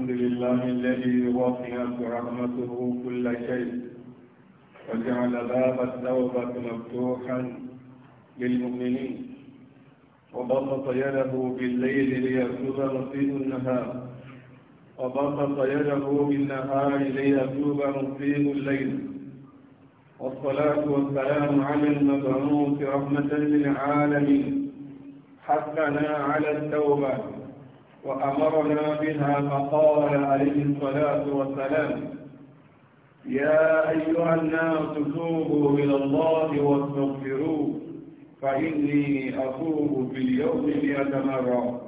الحمد لله الذي وفيت رحمته كل شيء وجعل باب التوبة مفتوحا للمؤمنين وبسط يده بالليل ليتوب نصيب النهار وبسط يده بالنهار ليتوب نصيب الليل والصلاة والسلام على المبعوث رحمة للعالمين حقنا على التوبة وأمرنا بها فقال عليه الصلاة والسلام يا أيها الناس توبوا إلى الله واستغفروه فإني أتوب في اليوم مئة مرة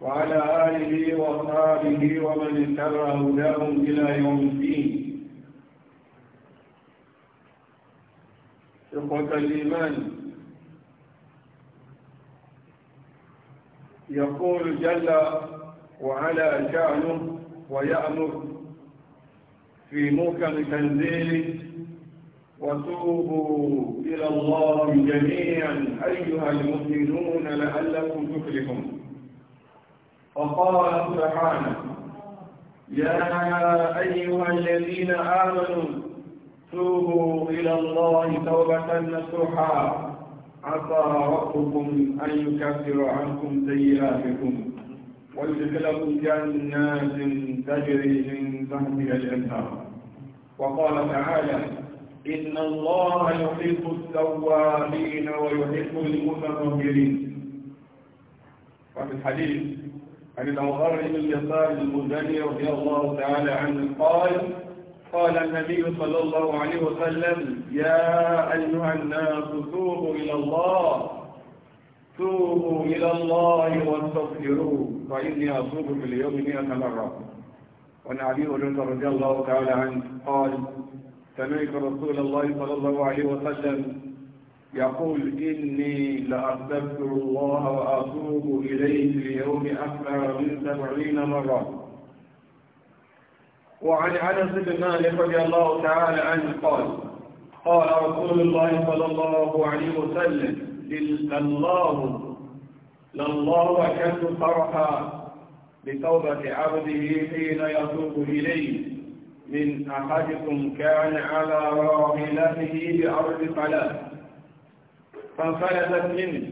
وعلى آله وأصحابه ومن اتبع هداهم إلى يوم الدين إخوة الإيمان يقول جل وعلا شأنه ويأمر في محكم تنزيله وتوبوا إلى الله جميعا أيها المؤمنون لعلكم تفلحون فقال سبحانه يا أيها الذين آمنوا توبوا إلى الله توبة نصوحا عسى ربكم أن يكفر عنكم سيئاتكم ويدخلكم جنات تجري من تحتها الأنهار وقال تعالى إن الله يحب التوابين ويحب المتطهرين وفي الحديث عن الأوغار بن يسار المزني رضي الله تعالى عنه قال قال النبي صلى الله عليه وسلم يا أيها الناس توبوا إلى الله توبوا إلى الله واستغفروه فإني أتوب في اليوم مئة مرة وعن أبي هريرة رضي الله تعالى عنه قال سمعت رسول الله صلى الله عليه وسلم يقول إني لأستغفر الله وأتوب إليه في اليوم أكثر من سبعين مرة وعن أنس بن مالك رضي الله تعالى عنه قال قال رسول الله صلى الله عليه وسلم لله لله أشد فرحا بتوبة عبده حين يتوب إليه من أحدكم كان على راحلته بأرض صلاة فانفلتت منه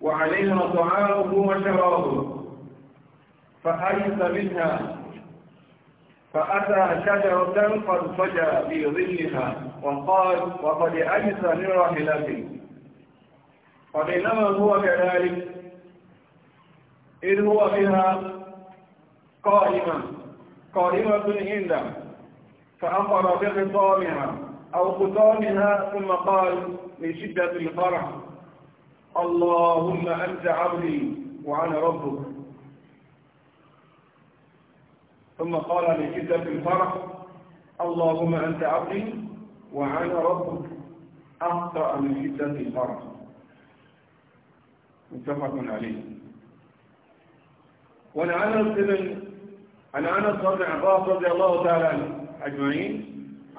وعليها طعامه وشرابه فحرص منها فأتى شجرة قد فجأ في ظلها وقال وقد أجس من راحلتي وبينما هو كذلك إذ هو بها قائمة قائمة عنده فأمر بخطامها أو خطامها ثم قال من شدة الفرح اللهم أنت عبدي وأنا ربك ثم قال لجدة في الفرح اللهم أنت عبدي وأنا ربك أخطأ من شدة الفرح متفق عليه وعن أنس بن عن أنس بن عباس رضي الله تعالى عنه أجمعين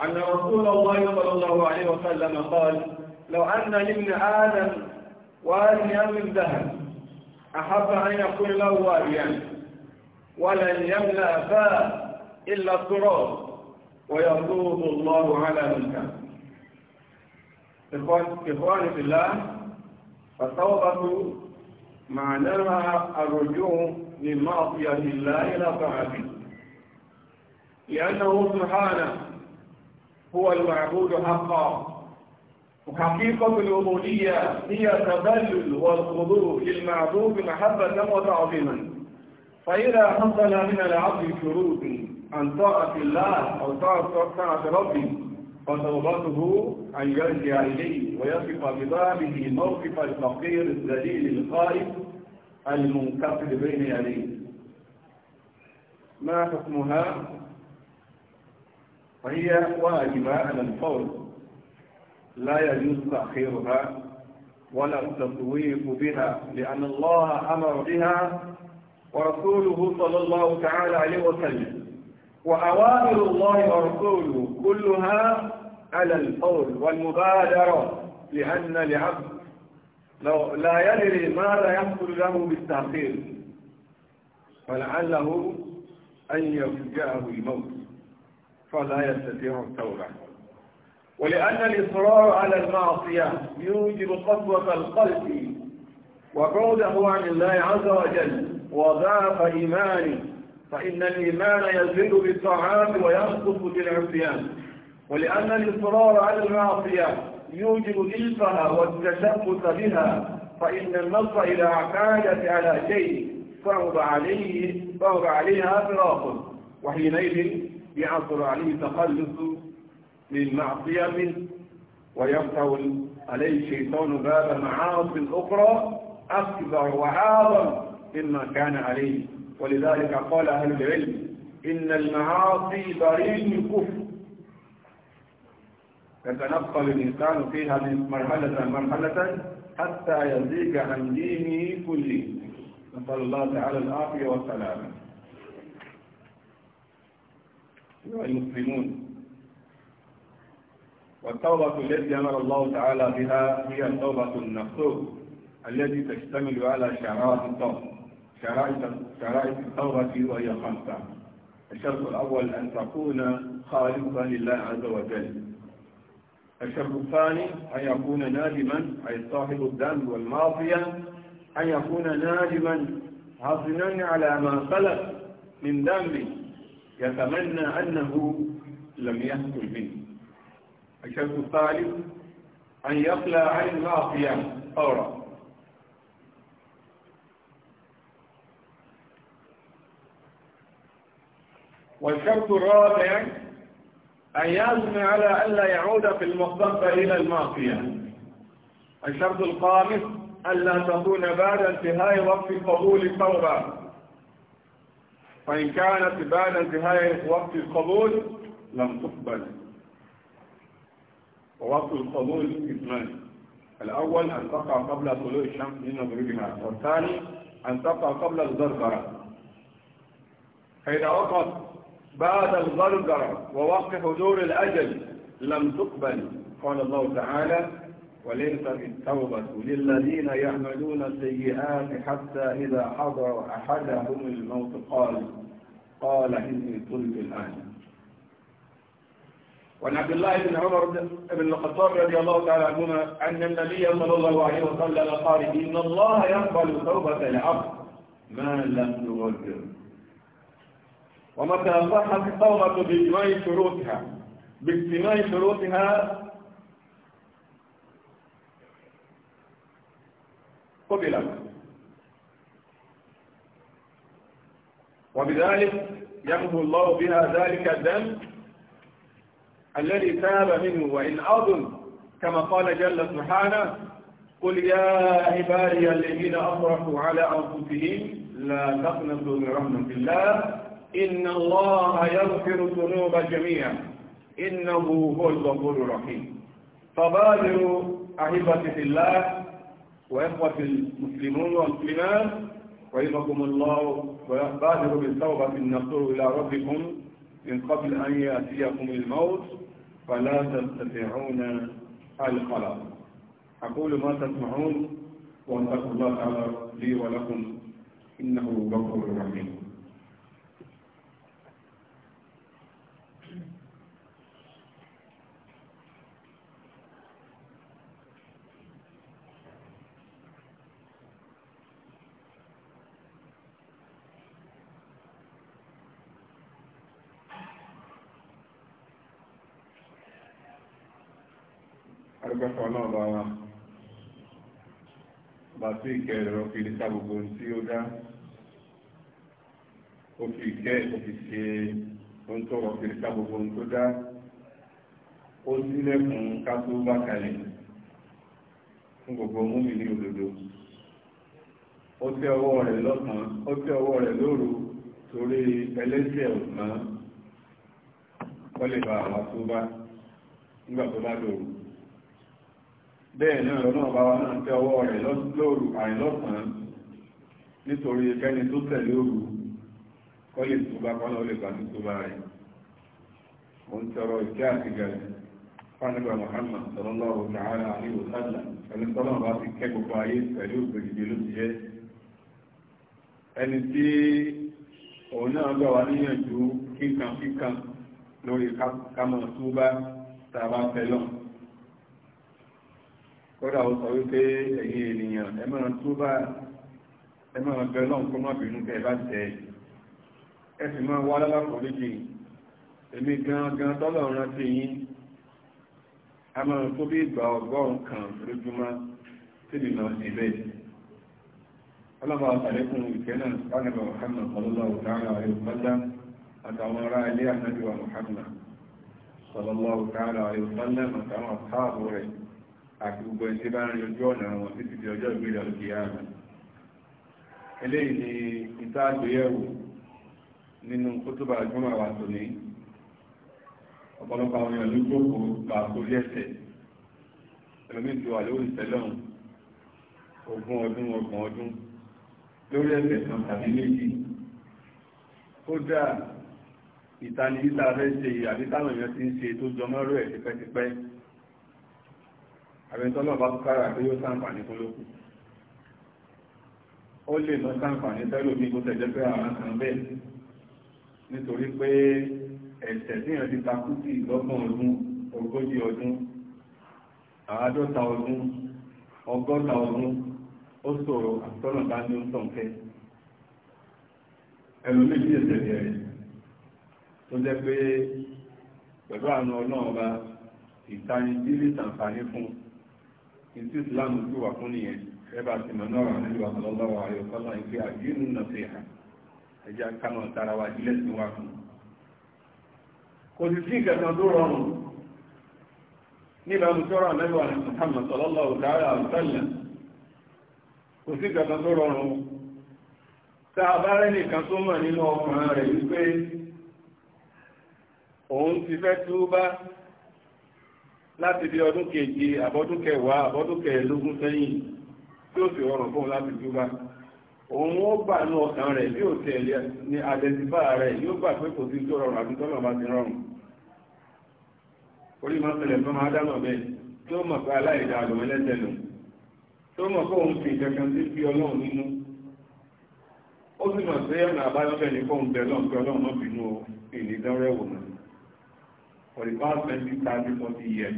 أن رسول الله صلى الله عليه وسلم قال لو أن لابن آدم واليا من ذهب أحب أن يكون له واليا يعني ولن يملأ فاه إلا التراب ويطوب الله على من كان إخواني في الله فالتوبة معناها الرجوع من معصية الله إلى طاعته لأنه سبحانه هو المعبود حقا وحقيقة العبودية هي التبلل والخضوع للمعبود محبة وتعظيما فإذا حصل من العبد شروط عن طاعة الله أو طاعة ربه فتوبته أن يرجع إليه ويقف ببابه موقف الفقير الذليل الخائف المنكفل بين يديه ما حكمها فهي واجبة على الفور لا يجوز تأخيرها ولا التسويق بها لأن الله أمر بها ورسوله صلى الله تعالى عليه وسلم وأوامر الله ورسوله كلها على القول والمبادرة لأن العبد لو لا يدري ماذا يحصل له بالتأخير فلعله أن يفجأه الموت فلا يستطيع التوبة ولأن الإصرار على المعصية يوجب قسوة القلب وبعده عن الله عز وجل وضعف إيماني فإن الإيمان يزيد بالطاعات وينقص بالعصيان ولأن الإصرار على المعصية يوجب إلفها والتشبث بها فإن النص إلى عقادة على شيء صعب عليه صعب عليها فراقه وحينئذ يعصر عليه التخلص من معصية منه ويفتح عليه الشيطان باب معاصي الأخرى أكبر وأعظم مما كان عليه ولذلك قال أهل العلم إن المعاصي بريء الكفر يتنقل الإنسان فيها من مرحلة مرحلة حتى يزيك عن دينه كله نسأل الله تعالى العافية والسلامة أيها المسلمون والتوبة التي أمر الله تعالى بها هي التوبة النصوص التي تشتمل على شعارات التوبة شرائط التوبة وهي خمسة الشرط الأول أن تكون خالقا لله عز وجل الشرط الثاني أن يكون نادما أي صاحب الذنب والمعصية أن يكون نادما حزنا على ما خلق من ذنبه يتمنى أنه لم يحصل منه الشرط الثالث أن يخلى عن المعصية فورا والشرط الرابع أن يعزم على ألا يعود في المستقبل إلى المعصية الشرط الخامس ألا تكون بعد انتهاء وقت قبول التوبة فإن كانت بعد انتهاء وقت القبول لم تقبل ووقت القبول اثنان الأول أن تقع قبل طلوع الشمس من مغربها والثاني أن تقع قبل الزرقرة فإذا وقعت بعد الغرغر ووقف حضور الأجل لم تقبل قال الله تعالى وليس التوبة للذين يعملون السيئات حتى إذا حضر أحدهم الموت قال قال إني طلب الآن وعن عبد الله بن عمر بن الخطاب رضي الله تعالى عنهما أن النبي صلى الله عليه وسلم قال إن الله يقبل توبة العبد ما لم يغفر ومتى صحت الثورة باجتماع شروطها باجتماع شروطها قبلت وبذلك يمحو الله بها ذلك الدم الذي تاب منه وإن أظن كما قال جل سبحانه قل يا عبادي الذين أفرحوا على أنفسهم لا تقنطوا من رحمة الله إن الله يغفر الذنوب جميعا إنه هو الغفور الرحيم فبادروا أحبة في الله وإخوة المسلمون والمسلمات رحمكم الله وبادروا بالتوبة النصر إلى ربكم من قبل أن يأتيكم الموت فلا تستطيعون القلق أقول ما تسمعون وأتقوا الله تعالى لي ولكم إنه غفور رحيم ọlọ́ọ̀bá wa bá sí ìkẹ́ ẹ̀rọ kiri ká gbogbo tí ó dá ó fi ìkẹ́ ó fi ṣe ohun tó rọ̀ kiri ká gbogbo tó dá ó sílẹ̀kùn ká tó bá kalẹ̀ fún gbogbo múmi ní òdodo ó tẹ́ ọwọ́ rẹ̀ lọ́sàn-án ó tẹ́ ọwọ́ rẹ̀ lóru torí ẹlẹ́sẹ̀ ọ̀sán ó bá àwọn tó bá nígbà tó bá lóru bẹ́ẹ̀ náà lọ́nà ọba wa náà tẹ́ ọwọ́ rẹ̀ lóòrù àìlọ́sàn nítorí ẹkẹ́ni tó tẹ̀lé òru kọ́ lè tó bá kọ́nà ụba lè ike tó bá rẹ̀ ìkẹ́ àti gẹ̀rẹ̀ Muhammad sallallahu ta'ala kódà ó sọ wípé ẹ̀yin ènìyàn ẹ máa tó bá ẹ máa bẹ lọ́n kó má bínú bẹ́ẹ̀ bá tẹ̀ ẹ sì máa wá lálàpọ̀ léjì èmi gangan tọ́lọ̀ rántí yín a máa tó bí ìgbà ọgọ́rùn kan lójúmọ́ tí mi máa bẹ́ẹ̀ ọlọ́ba àtàlẹ́kùn ìfẹ́ náà sánàbà Muhammad sallallahu ta'ala alayhi wa sallam àtàwọn ará ilé ànábìwà Muhammad sallallahu ta'ala alayhi wa sallam àtàwọn àtààbò rẹ̀ àti gbogbo ẹni tí bá ń rin ojú ọ̀nà wọn títí di ọjọ́ ìgbéra òkè àmì eléyìí ni ìta àgbéyẹ̀wò nínú kótóbà ìgbọ́mọ̀ wa tòní ọ̀pọ̀lọpọ̀ àwọn èèyàn ló jókòó gbà sórí ẹsẹ̀ ẹlòmíì ti wà lórí ìtẹ́lọ́run ogún ọdún ọgbọ̀n ọdún lórí ẹsẹ̀ kan tàbí méjì kódà ìtanijí tá a fẹ́ ṣe àbí táwọn èèyàn ti ń ṣe tó jọmọ́rò ẹ̀ tipẹ́tipẹ́ àbẹ̀tọ́ náà bá tún kára pé yóò sàǹfààní fún lókù ó lè lọ sàǹfààní tẹ́lò mi kó tẹ̀jẹ́ pé àwọn kan bẹ́ẹ̀ nítorí pé ẹ̀sẹ̀ tí èèyàn ti takú sí ìlọ́gbọ̀n ọdún ogójì ọdún àádọ́ta ọdún ọgọ́ta ọdún ó sọ̀rọ̀ ìtú ìsìláàmù tó wà fún nìyẹn ẹbà ti mọ̀ náà nílùú sallallahu alaihi wasallam ìpé àdínú nasiha ẹjá kánà tara wa jílẹ̀ sí wa fún kò sì sí ìkẹta tó rọrùn níbàámu sọ́rọ̀ àmẹ́wà ní Muhammad sallallahu alaihi wasallam kò sí ìkẹta tó rọrùn tá a bá rẹ́ nìkan tó mọ̀ nínú ọkùnrin rẹ̀ wípé òun ti fẹ́ láti bí ọdún kejì àbọ́dún kẹwàá àbọ́dún sẹ́yìn tí ó sì rọrùn fún láti túbá òun ó bà ní ọ̀sán rẹ̀ bí ó tẹ̀lé ní àdẹ́sífà rẹ̀ yóò gbà pé kò sí tó rọrùn àti tọ́lọ̀ bá ti rọrùn orí máa fún máa dáná bẹ́ẹ̀ tí ó mọ̀ pé aláìdá àlùmọ́ tí ó mọ̀ pé òun fi ìjọkan sí ọlọ́run nínú ó sì mọ̀ pé ọ̀nà àbáyọ́fẹ́ for the past twenty thirty forty years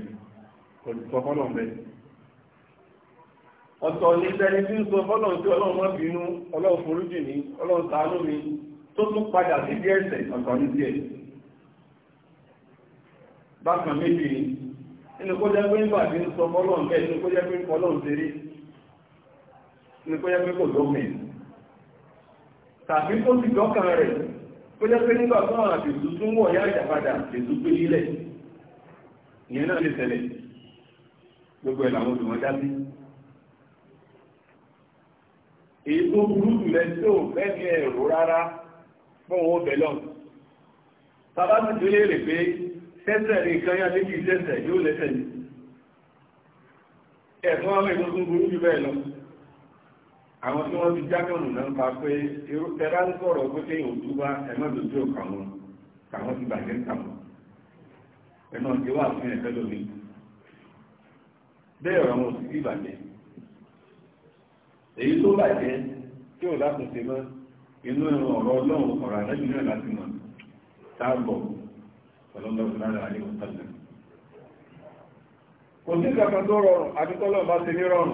kò sọ fọ́lọ̀ bẹ́ẹ̀. ọ̀tọ̀ ní sẹ́ni tí ń sọ fọ́lọ̀ tí ọlọ́run má bínú ọlọ́run foríjì mi ọlọ́run ṣàánú mi tó tún padà sí bí ẹ̀ṣẹ̀ ọ̀tọ̀ ní tiẹ̀. bákan méjì nínú kó jẹ́ pé nígbà tí ń sọ fọ́lọ̀ bẹ́ẹ̀ nínú kó jẹ́ pé ọlọ́run ti rí nínú kó jẹ́ pé kò lómi tàbí tó ti dọ́kàn rẹ̀ ó jẹ́ pé nígbà tó àwọn àbèsù tún wọ̀ yá ìjàpadà èso pé nílẹ̀ ìyẹn náà lè ṣẹlẹ̀ gbogbo ẹ̀ làwọn olùwọ́n dá sí èyí tó burú jù lẹ tí ò fẹ́ ní ẹ̀rọ rárá fún òun bẹ̀ lọ́n bàbá mi tó léèrè pé sẹ́sẹ̀ ní nǹkan yá méjì sẹ́sẹ̀ yóò lẹ́sẹ̀ ní ẹ̀fọn àwọn èso burú jù bẹ́ẹ̀ lọ́n àwọn tí wọ́n ti jákàmù náà ń pa pé ẹ̀rá ń sọ̀rọ̀ pé kéèyàn ò túbá ẹ̀mọ́ lójú ọ̀kà wọn káwọn ti bàjẹ́ ń kà wọn ẹ̀nà ti wà fún ẹ̀fẹ́ lómi bẹ́ẹ̀ ọ̀rọ̀ wọn ò sì bàjẹ́ èyí tó bàjẹ́ tí ò dákun ṣe mọ́ inú ẹ̀rọ ọ̀rọ̀ ọlọ́run ọ̀rọ̀ àdájú náà láti mọ̀ táàbọ̀ ọlọ́lọ́run lára àlẹ́ òtàlẹ̀ kò sí kankan tó rọrùn bá ti ní rọrùn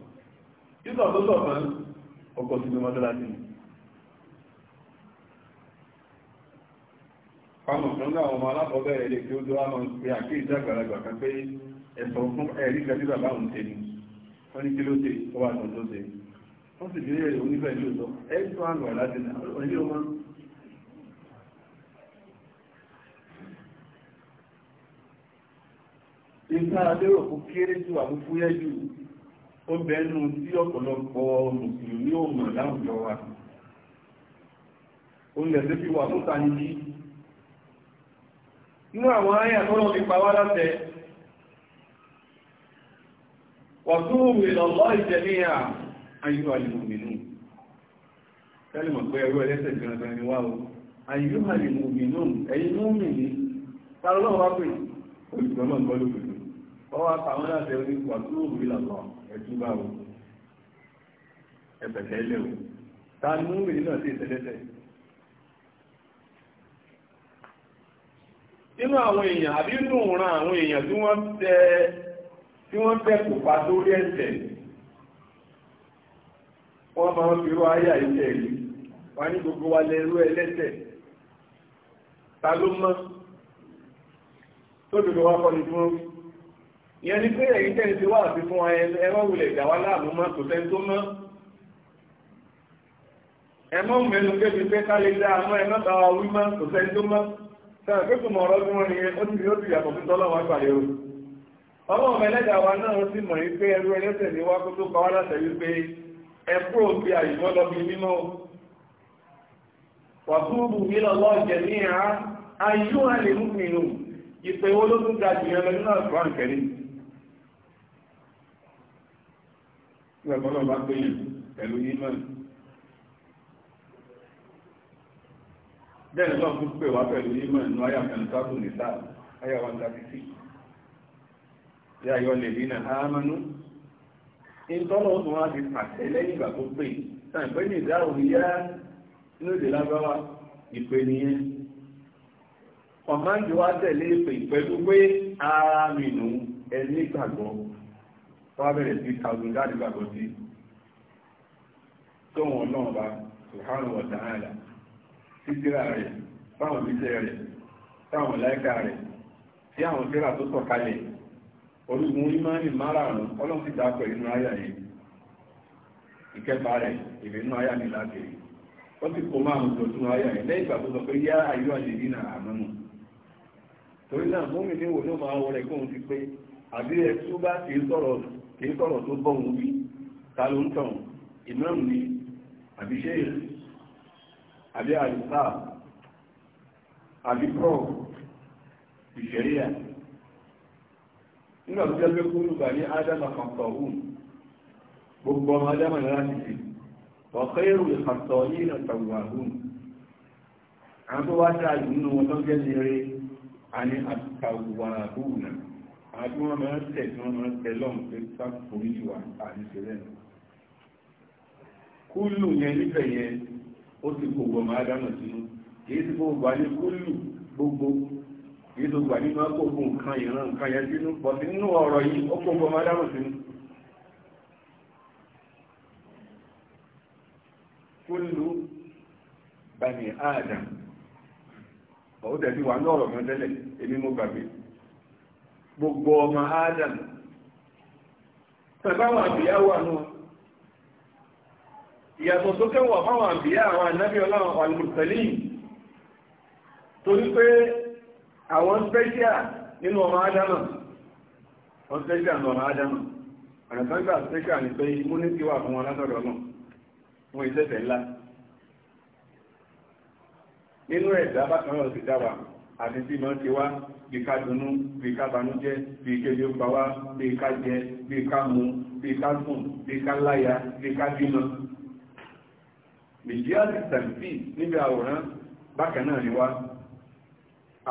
títọ̀ tó sọ̀ kan ọkọ̀ sínú mọ́sálásí ni fáwọn kan náà ọmọ alákọ̀ọ́bẹ̀rẹ̀ lè kí ó tó wá máa ń pe àkíyèsí àgbàlagbà kan pé ẹ̀sọ̀ fún ẹ̀rí kan tí bàbá òun tẹ̀ ni wọ́n ní kí ló tẹ̀ ọwọ́ àtọ̀ tó wọ́n sì bí ẹ̀rẹ̀ oníbẹ̀ ní òtọ́ ẹ̀sọ́ àgbà láti nà ọ̀yẹ́ ọmọ ìta adéròkú kéré ju àbúfúyẹ́ jù ó bẹ́ẹ̀nu tí ọ̀pọ̀lọpọ̀ mùsùlùmí ò mọ̀ láwùjọ wa ó lẹ̀ sí fi wà fún ta níbi inú àwọn ayé àtọ́lọ́ fi pa wá láṣẹ wàtúùmù ìlọ́lọ́ ìjẹ̀míyà ayú alìmùmínú kẹ́lìmọ̀ pé ẹrú ẹlẹ́sẹ̀ gbìyànjẹ́ ni wá o ayú alìmùmínú ẹ̀yìn múmi ní tààlọ́wọ́ wá pè olùgbọ́mọ̀ gbọ́lùgbùn ọwọ́ àtàwọn láti ẹrú wàtúùmù ìlọ́lọ́ ẹtúbà o ẹfẹ̀tẹ́lẹ̀ o ta ni mú mi náà sí ìtẹ́lẹ́tẹ̀ nínú àwọn èèyàn àbí inú ran àwọn èèyàn tí wọ́n tẹ tí wọ́n tẹ kò pa sórí ẹ̀ṣẹ̀ wọ́n máa ń fi rú ayà ilẹ̀ rí wọ́n ní gbogbo wa lẹ́rú ẹlẹ́ṣẹ̀ ta ló mọ́ tó dùdú wá kọ́ tí wọ́n rí ìyẹn ni pé ẹ̀yin tẹ́ni ti wá àti fún ẹwọ́n wulẹ̀ ìjà wa láàmú mọ́ kò sẹ́ni tó mọ́ ẹmọ́ mẹ́nu débi pé ká lè dá àmọ́ ẹmọ́ bá wa wí mọ́ kò sẹ́ni tó mọ́ sọ̀rọ̀ pé kò mọ̀ ọ̀rọ̀ bí wọ́n ní ó ti ó ti yàtọ̀ fún tọ́lọ́ wọn pàdé o ọlọ́run ẹlẹ́dàá wa náà ó sì mọ̀ yí pé ẹrú ẹlẹ́sẹ̀ ní wá kó tó pa wá láṣẹ yí pé ẹ kúrò bí àyùmọ́ lọ bí mímọ́ wàtúbù nílọ́lọ́ jẹ̀míà ayú àlè mú mi nù ìpè wo ló tún ga jù yẹn lọ nínú àgbà nkẹ́rin nígbà tó náà bá pè yàn pẹ̀lú yímọ̀n bẹ́ẹ̀ lọ́n tún pè wá pẹ̀lú yímọ̀n ní àyà kan sáàtù ní sáà àyà wọn tàbí sí yá yọ lè rí náà ámánú ìtọ́lọ̀ tún wá ti pàṣẹ lẹ́yìn ìgbà tó pè sáà pé ní ìdáhùn yá inú èdè lábáwá ìpè nìyẹn ọ̀máǹdì wá tẹ̀lé ìpè pẹ̀lú pé ara mìnú ẹni gbàgbọ́ wọ́n á bẹ̀rẹ̀ sí kàwé jáde gbàgbọ́ sí tóun náà bá subhanahu wa ta'ala rẹ̀ fáwọn ìbísẹ̀ rẹ̀ fáwọn láìka rẹ̀ tí àwọn tíra tó sọ kalẹ̀ orígun ìmánì márààrún ọlọ́run ti dákọ̀ inú àyà yìí ìkẹfà rẹ̀ mi ó ti kó máa sínú yìí lẹ́yìn ìgbà tó sọ pé yá torí náà mọ́mí ló máa wọlé ti èyí sọ̀rọ̀ tó bọ̀ òun wí ta ló ń tàn imam ni àbí sheikh àbí àlùfà àbí prof ìṣẹ̀ríyà nígbà tó jẹ́ pé kúrú bà ní ádámà kọ̀ọ̀hún gbogbo ọmọ ádámà ní láti fi ọ̀kẹ́rù ìkàtọ̀ yìí nà tàwàhún àwọn tó wá dáa jù nínú wọn tó jẹ́ ní eré àní àtàwàhún náà àbí wọ́n máa ń tẹ̀ tí máa ń tẹ lọ́hùn pé sáfòrí jù wá àdìsí kúlù yẹn níbẹ̀ yẹn ó ti kò máa dáná sínú gbogbo àní kúlù gbogbo kìí tó gbà ya àkókò nǹkan ìran nǹkan yẹn sínú pọ̀ sí nínú ọ̀rọ̀ yìí ó máa dáná sínú. kúlù bani adam gbogbo ọmọ adam tàbáwọn àbíyá wà náà ìyàtọ̀ tó kẹwọ̀ fáwọn àbíyá àwọn ànábí ọláwọn alìmùsẹ̀lì torí pé àwọn spẹ́ṣíà nínú ọmọ adama nínú ọmọ adama àrẹ̀sángbà spẹ́ṣíà ní dáwàá àti tí máa ń ṣe wá bí ká dunú bí ká banújẹ́ bí kéde ó pa wá bí ká jẹ bí ká mu bí ká sùn bí ká láya bí ká bímọ. mìjíà ti tàbí níbi àwòrán bákan náà ni wá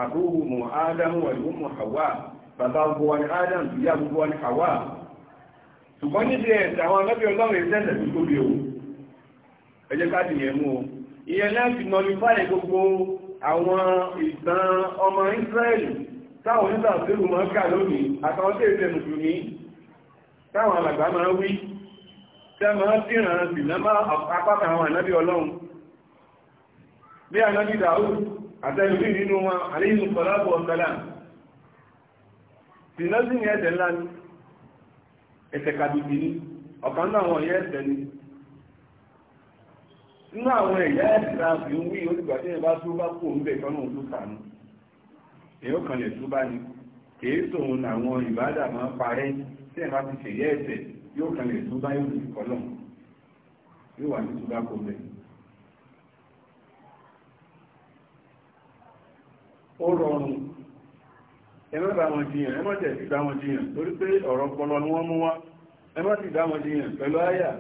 àbúrò mu ádámù wà ló mu Hawa bàbá gbogbo wa ni ádámù ìyá gbogbo wa ni Hawa ṣùgbọ́n níbi ẹ̀sẹ̀ àwọn alábí ọlọ́run ìṣẹ́lẹ̀ tó tóbi o ẹjẹ́ káàdì yẹn mú o ìyẹn náà ti nọlifáì gbogbo àwọn ìtàn ọmọ Ísírẹ́lì táwọn onígbà sílù mọ́ ká lónìí àtàwọn tí èsẹ̀ mùsùlùmí táwọn alàgbà máa wí tẹ́ máa dìran sì lẹ́mọ́ apáta àwọn ànábí ọlọ́run bí ànábí Dáúdù àtẹ́lùmí nínú wọn àríyìn sọ́lábọ̀ ọ̀sọ́lá sì lọ́sìn ẹ̀ẹ̀dẹ̀ ńlá ni ẹ̀sẹ̀ kàbìbì ni ọ̀kan náà wọ̀nyẹ́ ẹ̀sẹ̀ ni nínú àwọn ẹ̀yà ẹ̀sìn àfi ń wí olùgbà tí ìbá tó bá bẹ̀ tọ́nà èyí kan lè tó bá ní kèé ìbádà kan lè tó bá yóò kọ́ lọ́n yóò wà ní tó bá kó bẹ̀. ó rọrùn ẹ má bá wọn jiyàn ẹ má bá wọn jiyàn torí pé ọ̀rọ̀ ọpọlọ ni wọ́n mú wá ẹ má bá wọn jiyàn pẹ̀lú àyà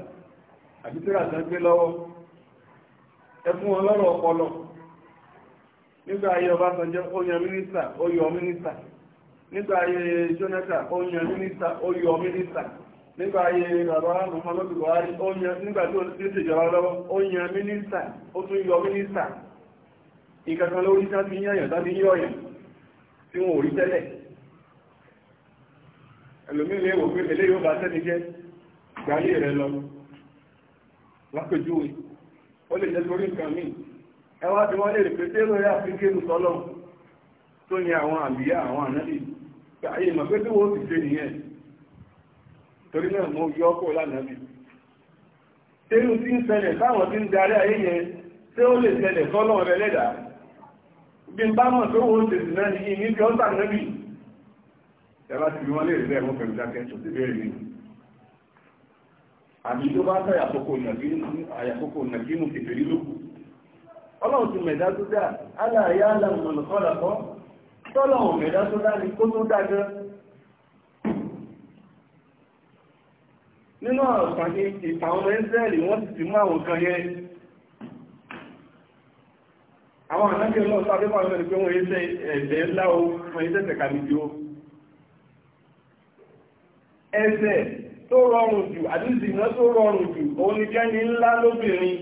ẹfún ọlọ́rọ̀ ọpọlọ nígbà ayé Ọbásanjọ́ ó yan mínísítà ó yọ mínísítà nígbà ayé Jonathan ó yan mínísítà ó nígbà ayé bàbá Muhammadu Buhari nígbà tí ó ti ṣèjọba lọ́wọ́ ó ó tún yọ mínísítà ìkankan lórí yọ̀yàn tí wọn ò rí tẹ́lẹ̀ wò pé eléyìí ó bá jẹ́ ó lè jẹ́ torí nǹkan míì ẹ wá bí wọ́n lè rí pé tẹ́lọ̀ yà fi kéwù sọ́lọ̀ tó ní àwọn àbíyá àwọn ànábì ayé mọ̀ pé tí wọ́n ti ṣe nìyẹn torí náà mo yọ ọkọ̀ lánàbì tẹ́lù tí ń ṣẹlẹ̀ táwọn tí ń darí ayé yẹn tí ó lè ṣẹlẹ̀ sọ́lọ̀ rẹ lẹ́dàá bí n bá mọ̀ tó wọ́n ti sì náà nìyí níbi ọ́sà nábì ẹ bá ti bí wọ́n lè rí bẹ́ẹ̀ mọ́ àbí tó bá sọ àyàkókò nàbínú kèfèrí lókù ọlọ́run ti mẹ̀dá tó dá aláàyá aláàmọ̀nà kọ́lọ̀kọ́ tọ́lọ̀wọ̀n mẹ̀dá tó dá ní kó tó dágẹ́ nínú àpàdé ìtàwọn Ísírẹ́lì wọ́n ti ti mú àwọn kan yẹn àwọn ànájẹ́ lọ sáfẹ́ fún àwọn ẹgbẹ́ wọn ẹ̀ṣẹ̀ tó rọrùn jù àdíjì iná tó rọrùn jù òun ni kẹ́ni ńlá lóbìnrin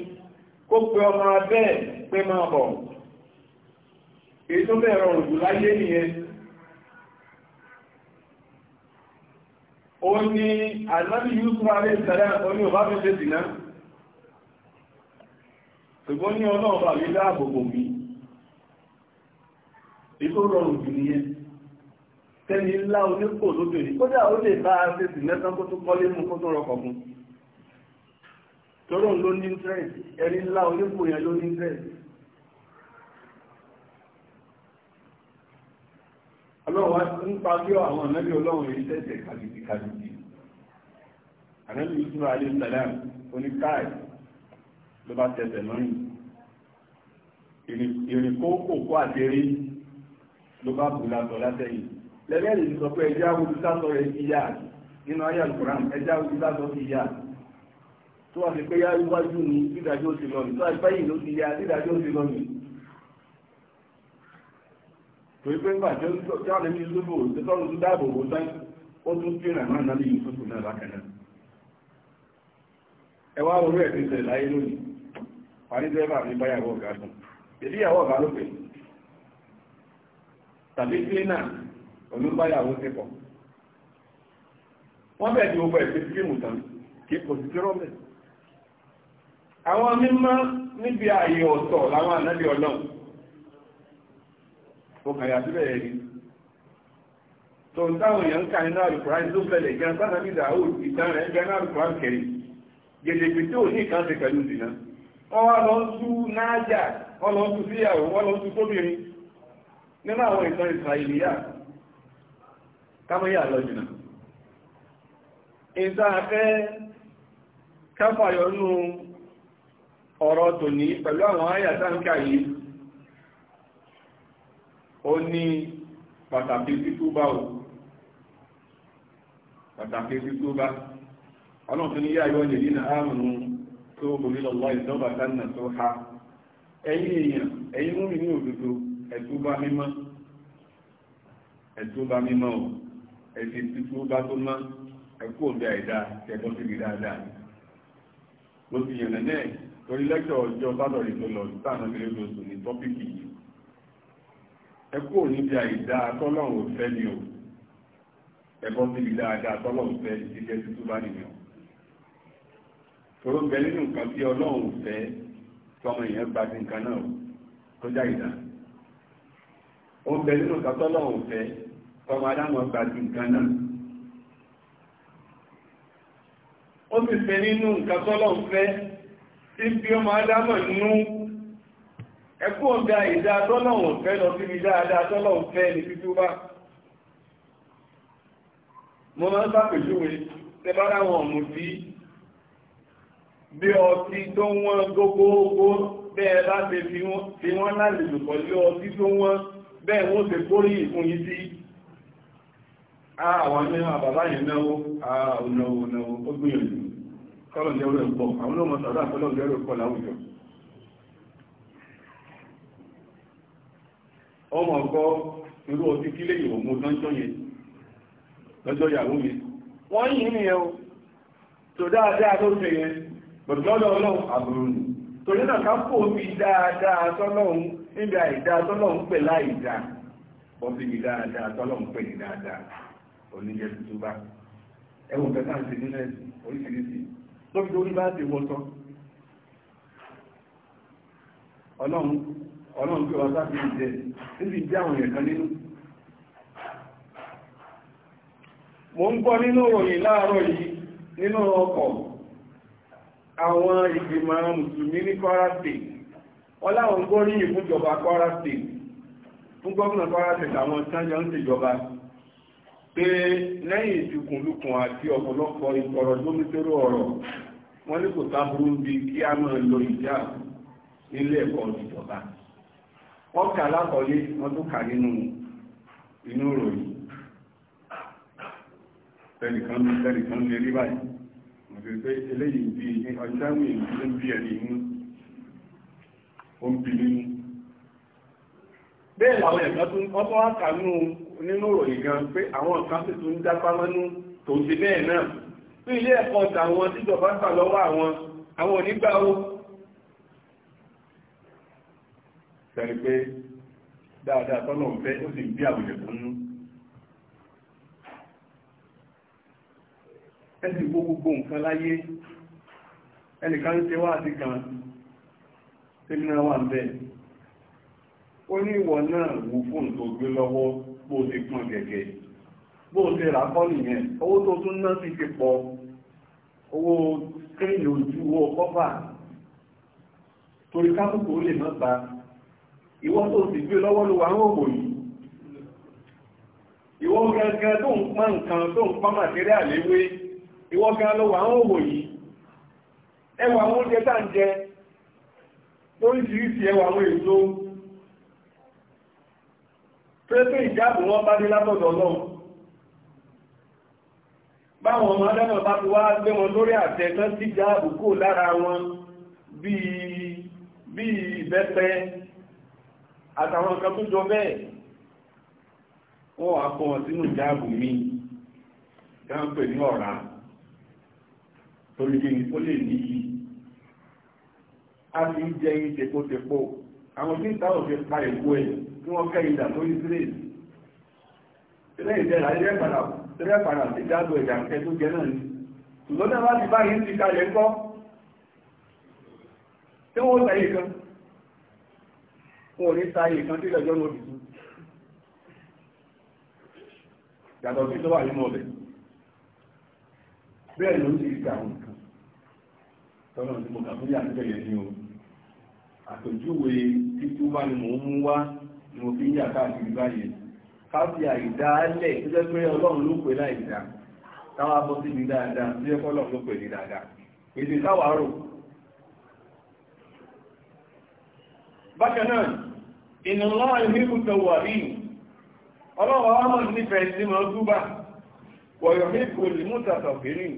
kó pe ọmọ abẹ́ pé máa bọ̀ èyí tó bẹ̀ rọrùn jù láyé nìyẹn ó ní ànábì Yusuf alẹ́ ìsàlẹ̀ àkọ́ní ọba fi ṣe dìná ṣùgbọ́n ní ọlọ́ọ̀bà mi dáàbòbò mi èyí tó rọrùn jù nìyẹn tẹ́ni ńlá oníkò lóbìnrin kódà ó lè bá aṣèṣì mẹ́tàn kó tó kọ́lé mú kó tó rọkọ̀ fún tọ́rọ̀ ló ní interest ẹni ńlá oníkò yẹn ló ní interest ọlọ́wọ́ ń pa bí àwọn ànábì ọlọ́run èyí tẹ̀sẹ̀ kàlùkì kàlùkì ànábì yusuf alẹ́ sàlám oníkáì ló bá tẹ̀sẹ̀ lọ́rùn ìrìnkó kò kó àtẹ́rí ló bá bù látọ̀ látẹ̀yìn lẹ́lẹ́rìí sọ pé ẹjẹ́ àwọn olùsásọ nínú ayé alukuran ẹjẹ́ àwọn ti yá tó wà sí pé yá iwájú ni dídájọ́ ti lọ nì tó àti báyìí ló ti yá dídájọ́ ti lọ nì. torí pé nígbà tí wọ́n lè ní lóbò tó tọ́nu tó dáàbò bò tán ó tún fi ràn náà lálẹ́ yìí fúnfún náà bákan ẹ wá orí ẹ̀ ti láyé lónìí onu ti pọ̀ wọ́n bẹ̀ẹ̀ di ogun ẹ̀gbẹ́ fíìmù tán kí kò awọn àwọn mímọ́ níbi ààyè ọ̀tọ̀ làwọn ànábì ọlọ́run ó kàn yà síbẹ̀ rí tó ń táwọn èèyàn ń ka iná àlùkùrá ló bẹ̀lẹ̀ gan sánàbí ìtàn rẹ̀ gan kẹrin gèdègbè ní ìkan pẹ̀lú wọ́n wá lọ sú wọ́n lọ sú síyàwó wọ́n lọ kámọ́yà lọ jùlọ ìta afẹ́ káfàyọnú ọ̀rọ̀ tòní pẹ̀lú àwọn àyàtàǹkà yìí ó ní pàtàkì títúbà ò pàtàkì títúbà ọlọ́run ní yá ìwọ́n tó tó ha ẹ̀yin èèyàn ẹ̀yin mú mi ní òdodo ẹ̀túbà mímọ́ ẹ̀sìn títí ó bá tó mọ́ ẹ̀kú òde àìdá tẹ̀gbọ́n síbi dáadáa mo ti yànnà náà torí lẹ́kṣọ̀ ọjọ́ sátọ̀rì tó lọ sáànà kéré tó sùn ní tọ́pìkì yìí ẹ̀kú òní bí àìdá tọ́lọ́run ò ni o ẹ̀gbọ́n síbi dáadáa tọ́lọ́run fẹ́ jíjẹ́ títú bá nìyàn tòró bẹ nínú nǹkan tí ọlọ́run fẹ́ tọmọ èèyàn gba ti nǹkan náà tó ìdá ó bẹ nínú nǹkan tọ́lọ́run fẹ́ ọmọ adámọ̀ gbàjú nǹkan náà ó sì fẹ́ nínú nǹkan tọ́lọ̀ ń fẹ́ tí bí ọmọ adámọ̀ nú ẹkú ọ̀dá ìdá tọ́lọ̀ ń fẹ́ lọ sí ìdáadáa tọ́lọ̀ ń fẹ́ ní títú bá mo máa ń sàpèjúwe tẹbára wọn mú sí bí ọtí tó wọ́n gbogbogbò bẹ́ẹ̀ bá ti fi wọ́n lálejò pẹ̀lú ọtí tó wọ́n bẹ́ẹ̀ wọ́n ti kórìí fún yìí sí àwọn mẹ́wàá bàbá yẹn náwó ààrùnáwó náwó ó gbìyànjú àwọn olóòmọ sàdá kọ́lọ̀ jẹ́rọ láwùjọ ọmọ ọkọ irú ọtí kílé ìwòmú lọ́jọ́ yẹn wọ́n yìí ẹ̀ tó dáadáa tó yẹn ọlọ́run oníjẹ tuntun bá ẹwọ̀n kẹta ń ṣe nílẹ̀ oríṣiríṣi lóbi tó ní bá ti wọ́tọ́ ọlọ́run pé wọ́n sáfí ìjẹ níbi jẹ́ àwọn èèyàn kan nínú mo ń gbọ́ nínú òròyìn láàárọ̀ yìí nínú ọkọ̀ àwọn ìgbìmọ̀ mùsùlùmí ní Kwara State wọ́n láwọn gbóríyìn fún ìjọba Kwara State fún gómìnà Kwara State àwọn tánjọ ń ṣèjọba pé lẹ́yìn ìtukùnlukùn àti ọ̀pọ̀lọpọ̀ ìkọ̀rọ̀ lómítóró ọ̀rọ̀ wọ́n ní kò sáburú bí kí a máa lo ìjà nílé ẹ̀kọ́ ìjọba wọ́n kà lákọ̀ọ́lé wọ́n tó kà nínú inú ròyìn tẹnìkan tẹnìkan lè rí báyìí mo fi pé eléyìí bí ọjọ́ ìwé ìlú ń bí ẹ̀rí inú ó ń bí nínú bẹ́ẹ̀ làwọn ẹ̀kan tún ọmọ àkànú nínú ìròyìn gan pé àwọn kan sì tún jápá mọ́nú tó ti bẹ́ẹ̀ náà fún ilé ẹ̀kọ́ tàwọn tíjọba gbà lọ́wọ́ àwọn àwọn onígbàwó sẹ́ni pé dáadáa tọ́nà ọ̀fẹ́ ó sì bí àwùjọ tó nú ẹ̀sì gbogbo nǹkan láyé ẹnìkan ń ṣe wá àti kan tẹ́mínà wà ń bẹ́ẹ̀ ó ní ìwọ náà wù fún tó gbé lọ́wọ́ bó ti pọn gẹ̀gẹ̀ bó ti rà kọ́ nìyẹn owó tó tún ná sí ti pọ̀ owó kírìnì ojú owó kọ́fà torí kákòkò ó lè má ba ìwọ tó ti gbé lọ́wọ́ ló wà ń òwò yìí ìwọ gẹ́gẹ́ tó ń pọ́n nǹkan tó ń pọ́n màtírí àléwé ìwọ gan ló wà ń òwò yìí ẹwà oúnjẹ tá ń jẹ lóríṣiríṣi ẹwà àwọn èso pẹ́pẹ́ ìjáàbù wọn bá ní látọ̀dọ̀ lọ́n báwọn ọmọ adẹ́mọ̀ bá ti wá gbé wọn lórí àtẹ tán sí ìjáàbù kò lára wọn bí ìbẹ́pẹ àtàwọn nǹkan tó jọ bẹ́ẹ̀ wọ́n wá kọ́ wọn sínú ìjáàbù mi dáhùn pè ní ọ̀rá torí kí ni ó lè níyì a fi ń jẹ ìṣèpótepó àwọn tí ń táwọn tí wọ́n kẹ́ ìdà tó Israel ilé ìjẹ́ra ilé náà ni tí wọ́n sáyé kan ní sáyé kan tí ìdájọ́ náà fi yàtọ̀ sí tó wà bẹ́ẹ̀ ló ń ti ìgbà àwọn kan o àtòjúwe títú bá ń ni mo fi ń yà káàkiri báyìí káàkiri àìdáálẹ̀ tó jẹ́ pé ọlọ́run ló pè láìdá táwa bọ́ síbi dáadáa tó jẹ́ pé ló pè ní dáadáa èdè táwa bákan náà ìnà lọ́wọ́ ìhíkù sí mọ́ túbà wọ̀yọ̀ lè mú tàtà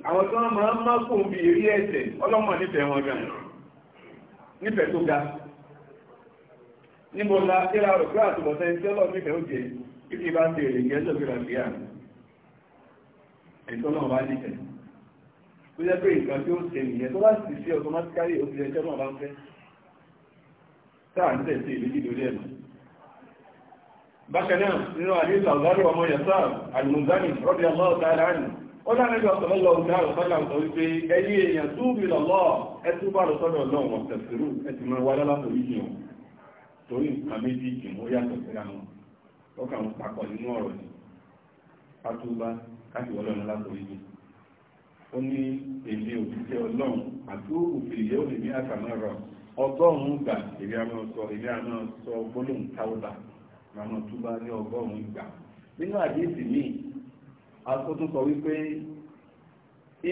àwọn tó máa máa bí eré níbo la kíra rò kíra àtùbọ̀ sẹ́yìn tí ọlọ́run nífẹ̀ẹ́ ó jẹ kíkí bá ń bèèrè ìyẹn lọ́gbé rà sí àná ẹ̀tọ́ náà bá nífẹ̀ẹ́ tó jẹ́ pé nǹkan tí ó ṣe nìyẹn tó bá sì ṣe automatically ó ti jẹ́ ẹjọ́ náà bá ń fẹ́ táà ń tẹ̀sí ìlú jìdó lé ẹ̀mọ́ bákan náà nínú àdéhùn àgbárí ọmọ yẹ̀sà àlùmùzánì rọ́bì aláwọ̀ tààrà nì ó dáná bí ọ̀sán lọ́wọ́ ọ̀gá ọ̀sán àwọn wípé ẹyí èèyàn túbì lọ́lọ́ lọ́sọ́dọ̀ náà wọ̀n tẹ̀sírù ẹ ti máa wá torí nǹkan méjì ìmú yàtọ̀ síra wọn ọkà wọn papọ̀ nínú ọ̀rọ̀ ni pátúbá káàkiri ọlọ́run látòrí yìí ó ní èmi òjíṣẹ́ ọlọ́run àti òfin ìyẹ́ òní ní àtàmọ́rọ̀ ọgọ́rùn-ún gbà èmi àmọ́ sọ èmi àmọ́ sọ gbólóhùn táwọ́bà màmá túbá ní ọgọ́rùn-ún gbà nínú àdéhìsì míì akótó sọ wípé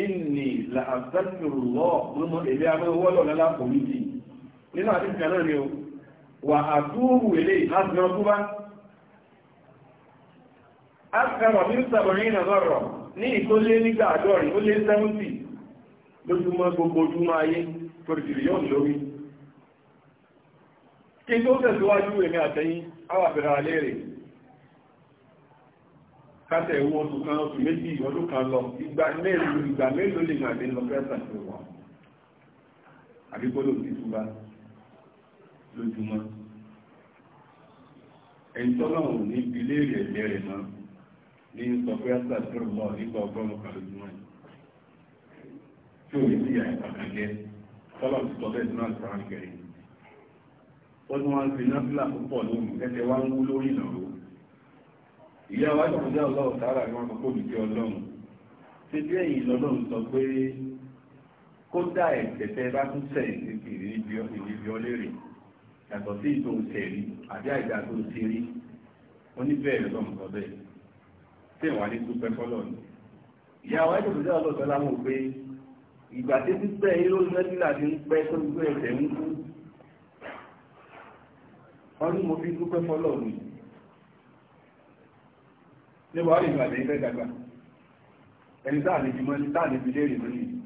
ìnì làásàtìrù lọ́ọ̀ mọ́mọ́ èmi àmọ́ wọ́lọ̀ lọ́lá kò ní jì nínú àdéhìsì náà ni o wà àtúrù ilé ìtàṣínà tó bá akẹ́rọ̀ ní sàbọ̀rin ìnàbọ̀rọ̀ ní ìtólé nígbà àjọrin ó lé 70 lójúmọ́ gbogbo ojúmọ́ ayé tòrìtìrìyàn lórí kí tó tẹ̀síwájú èmì àtẹ́yìn awàbẹ̀rẹ̀ alẹ́ rẹ̀ kátẹ̀ ìwọ̀n oṣù kan oṣù méjì ọdún kan lọ ìgbà mélòó ìgbà mélòó lè gbàgbé lọ fẹ́ sàtìwọ̀n àbíkólò ti túbá lójúmọ́ ẹni tọ́lọ́run ò ní bi léèrè ẹ̀jẹ̀ rẹ̀ mọ́ ní sọ pé àtàkùrù lọ nípa ọgọ́rùn-ún kan lójúmọ́ tí ò ní sí àìsàkàjẹ́ tọ́lọ́run ti sọ bẹ́ẹ̀ sínú àìsàn àkẹrẹ ó ní wọ́n ń fi náfìlà púpọ̀ lóhùn ẹsẹ̀ wá ń wú lórí ìnáwó ìyá wa wọ́n sọ pé òbí ọlọ́run ṣe bá tún sẹ̀yìn sí kìrì níbi ọlẹ́rìí yàtọ̀ sí ìtò òṣèrí àbí àìdá tó ṣeré oníbẹ̀rẹ̀ lọ́mọ sọ bẹ́ẹ̀ tí ìwà ní dúpẹ́ fọ́lọ̀ ni. ìyàwó ẹ̀jẹ̀ tó jẹ́ ọlọ́sọ láwọn pé ìgbà tí pípẹ́ irú mẹ́tìlá ti ń pẹ́ tó gbé ẹsẹ̀ ń kú wọ́n ní mo fi dúpẹ́ fọ́lọ̀ ni. níbo àwọn ìgbà tí ń fẹ́ dàgbà ẹni táà ní fi mọ́ ní táà ní fi léèrè mọ́ nìyí.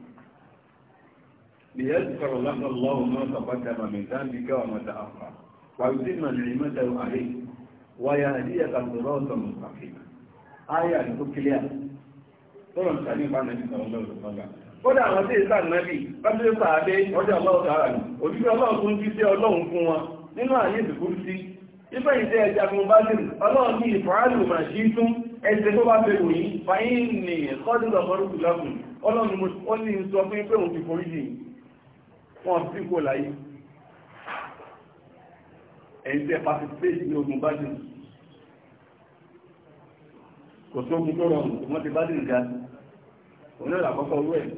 ليذكر لك الله ما تقدم من ذلك وما تأخر ويتم نعمته عليك ويهديك صراطا مستقيما آية تكليا tọ́rọ̀ ìtàní bá nàbí sọ̀rọ̀ lọ́wọ́ kódà àwọn tí ìsàn nàbí bájú ìsà àbẹ́ ọjọ́ ọlọ́wọ́ tààrà ní òjúgbé ọlọ́run tún jí sí ọlọ́run fún wọn nínú àyè ìdìkúrú sí ìfẹ́ ìṣẹ́ ẹja fún bá sí ọlọ́run ní ìfàálù màá sí tún ẹsẹ̀ tó bá fẹ́ wòyí fàyín ní kọ́dùlọ̀ mọ́rùkù lọ́kùn ọlọ́run ó ní sọ fún pé òun ti forí yìí wọ́n sí kò láyé ẹ̀yìn tẹ́ participate ní ogun Badr kò sógun tó rọrùn tó wọ́n ti Badr ga òun náà àkọ́kọ́ orú ẹ̀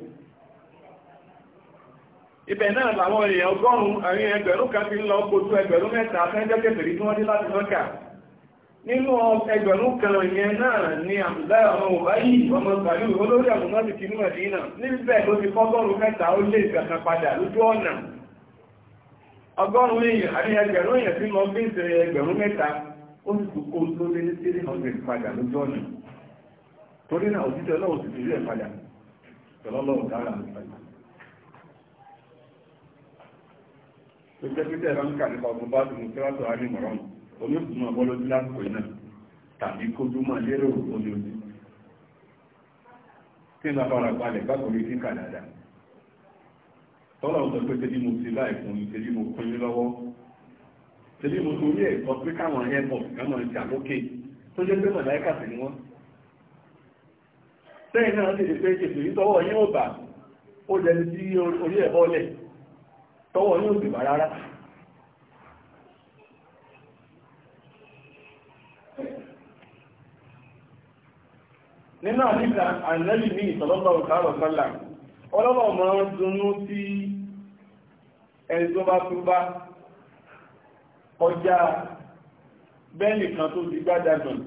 ibẹ̀ náà làwọn èèyàn ọgọ́rùn-ún àrin ẹgbẹ̀rún kan ti ń lọ kojú ẹgbẹ̀rún mẹ́ta fẹ́jọ́ kẹfẹ̀rí tí wọ́n dé láti lọ́kà nínú ẹgbẹ̀rún kan yẹn náà ni àmìlá àwọn òbáyìí ọmọ pàlú olórí àmúná ti kìí mọ̀ dínà níbẹ̀ ló ti kọ́gọ́rùn mẹ́ta ó lè ìgbàkan padà lójú ọ̀nà ọgọ́rùn èèyàn àti ẹgbẹ̀rún èèyàn tí wọ́n bíń tẹ̀rẹ ẹgbẹ̀rún mẹ́ta ó sì kó padà lójú ọ̀nà olóògùn ọbọ́lójú lásìkò iná tàbí kójú mọ́ lérò olóòjú tí ń bá fara balẹ̀ gbàgbọ́rí sí kàdàdà tọ́lá ọ̀sọ̀ pé tẹ́lí mo ti láì fún mi tẹ́lí mo pín in lọ́wọ́ tẹ́lí mo torí ẹ̀ sọ pé káwọn airport kan máa ń jà lókè tó jẹ́ pé màláìkà sí ni wọ́n sẹ́yìn náà ti di pé ètò yìí tọwọ́ yóò bà ó jẹ́ sí orí ẹ̀ bọ́lẹ̀ tọwọ́ yóò sì bà rárá nínú àdíkà ànẹ́lì ní ìtọ̀lọ́lọ́ ìkàrọ̀ sọ́là ọlọ́lọ́ ma ń dunú sí ẹni tó bá tún bá ọjà bẹ́ẹ̀lì kan tó ti gbádà dùn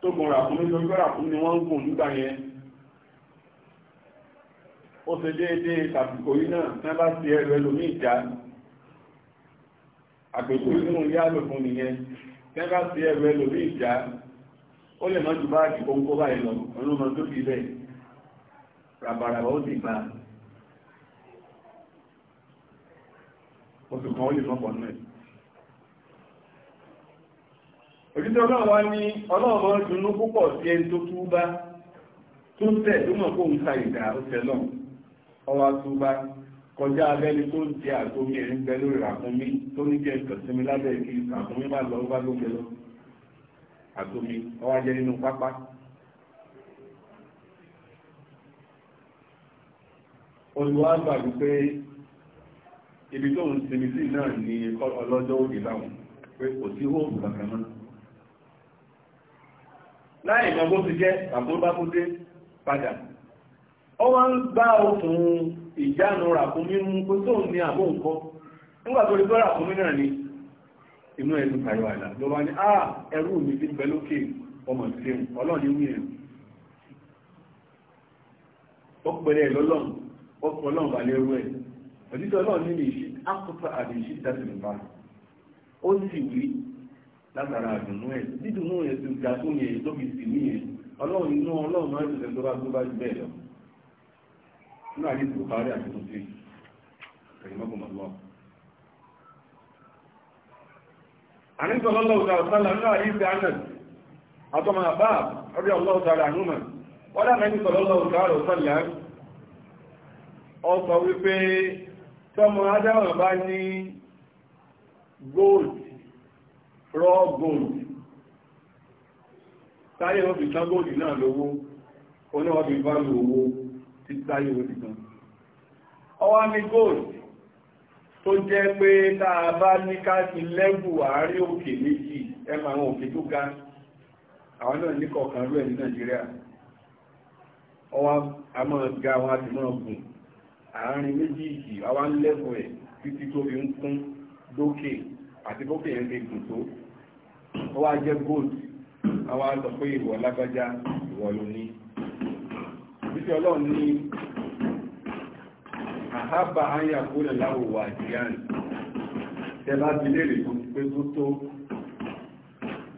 tó gùn ràkúnmí tó gbé ràkúnmí wọ́n ń gùn nígbà yẹn ó ṣe déédéé tàbíkò yìí náà tí bá ti ẹrù ẹlòmí ìjà àgbègbè inú yálò fún nìyẹn tí bá ti ẹrù ẹlòmí ìjà ó lè mọ́ ju báàgì kó ń kó báyìí lọ ọlọ́mọ tó fi bẹ́ẹ̀ ràbàràbà ó sì gbà oṣù kan ó lè mọ́pọ̀ náà òjítọ́ ọlọ́run wá ní ọlọ́run dunú púpọ̀ sí ẹni tó túbá tó tẹ̀ tó mọ̀ kó ń ta ìdá ọ̀sẹ̀ náà ọwá túbá kọjá abẹ́ni tó ń jẹ àtòmí ẹ̀rín pẹ̀lú ìràkúnmí tó ní jẹ ìtọ̀sími lábẹ́ ìkí ìràkúnmí bá lọ bá lókè lọ́wọ́ àtomi ọwọ́ ajẹ́ nínú pápá olùwà gbà wípé ibi tó ń sinmi sí náà ni ọlọ́jọ́ òdì láwọn pé kò sí hóòpù kankan náà láì mọ bó ti jẹ́ àbúrúbákúndé padà ó wá ń gbá òkun ìjánu ràkúnmí mú pé tóun ní àbóǹkọ́ nígbà tó rí pé ràkúnmí náà ni inú ẹ̀lú tayọ àìlà ló wá ní à ah, ẹrú mi ti bẹ lókè ọmọ ìṣẹ́hùn ọlọ́run ní ẹ̀rù ó pẹ̀lẹ́ lọ́lọ́run ó pọ̀ lọ́run balẹ̀ ẹrú ẹ̀ òtítọ́ ọlọ́run nínú ìṣí ákùtà àbí ìṣí dásìlẹ̀ bá ó sì wí látara àdùnnú ẹ̀ dídùnnú ẹ̀ ti ga tó yẹn tó fi sì ní yẹn ọlọ́run inú ọlọ́run náà ṣẹ̀ṣẹ̀ tó bá tó bá bẹ́ẹ̀ lọ nínú àdìsí Bukhari àti Muslim ẹ̀yìn mọ́kànlá àníṣọ́ lọ́lọ́wọ́ sọ́lá nínú àyí sí àánà àtọmọ̀ àbá ọdí ọlọ́wọ́ sọ́lá àánúmà wọ́dá mẹ́sìsọ́ lọ́lọ́wọ́ sọ́lá ọsọ wípé tọ́mọ adáwọn ní gold raw gold táyé wọ́n fi gold tó jẹ́ pé tá a bá ní ká ti lẹ́bù àárín òkè méjì ẹmọ àwọn òkè tó ga àwọn náà ní kọ̀ọ̀kan rú ẹ̀ ní Nàìjíríà ọwọ́ a máa ga àwọn àti máa gùn àárín méjì ìjì àwọn ń lẹ́bù ẹ̀ títí tó fi ń kún lókè àti bókè yẹn fi gùn tó ó wá jẹ́ gold àwọn àtọ̀ ìwọ̀ lágbájá ìwọ̀ lóní. Bísí ọlọ́run ní àhábà àyà kúrẹ̀ láwòwà àjíyàn tẹ́lá bí lè rí fún pé tó tó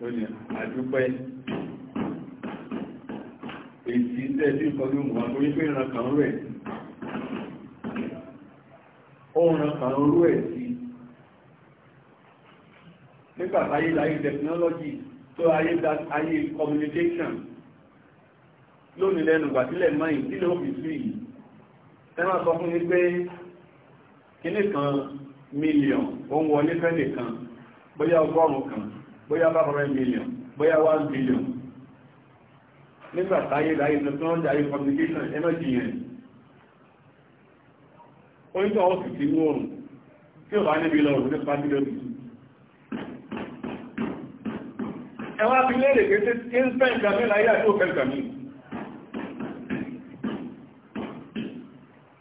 lónìí àdúpẹ́ èsì tẹ́ẹ̀bí ìkọlù mọ̀ àkórí pé ìran kan rẹ̀ ó ran kan rú ẹ̀ sí nígbà táyé láyé technology tó ayé communication lónìí lẹ́nu gbàtílẹ̀ mọ́ ìdílé òfìsí yìí ẹ máa sọ fún mi pé kíní kan mílíọ̀n ó ń wọlé fẹ́lẹ̀ kan bóyá ọgọ́rùn-ún kan bóyá bábọ̀rẹ́ mílíọ̀n bóyá one billion nígbà táyé láyé tuntun jáyé communication energy yẹn oníṣẹ́ ọ̀sì tí ń wọ̀rùn tí ò bá níbi lọ òun nípa tí lóbi ẹwà fi lérè pé tí ń fẹ́ nǹkan mí láyé àti òfẹ́ nǹkan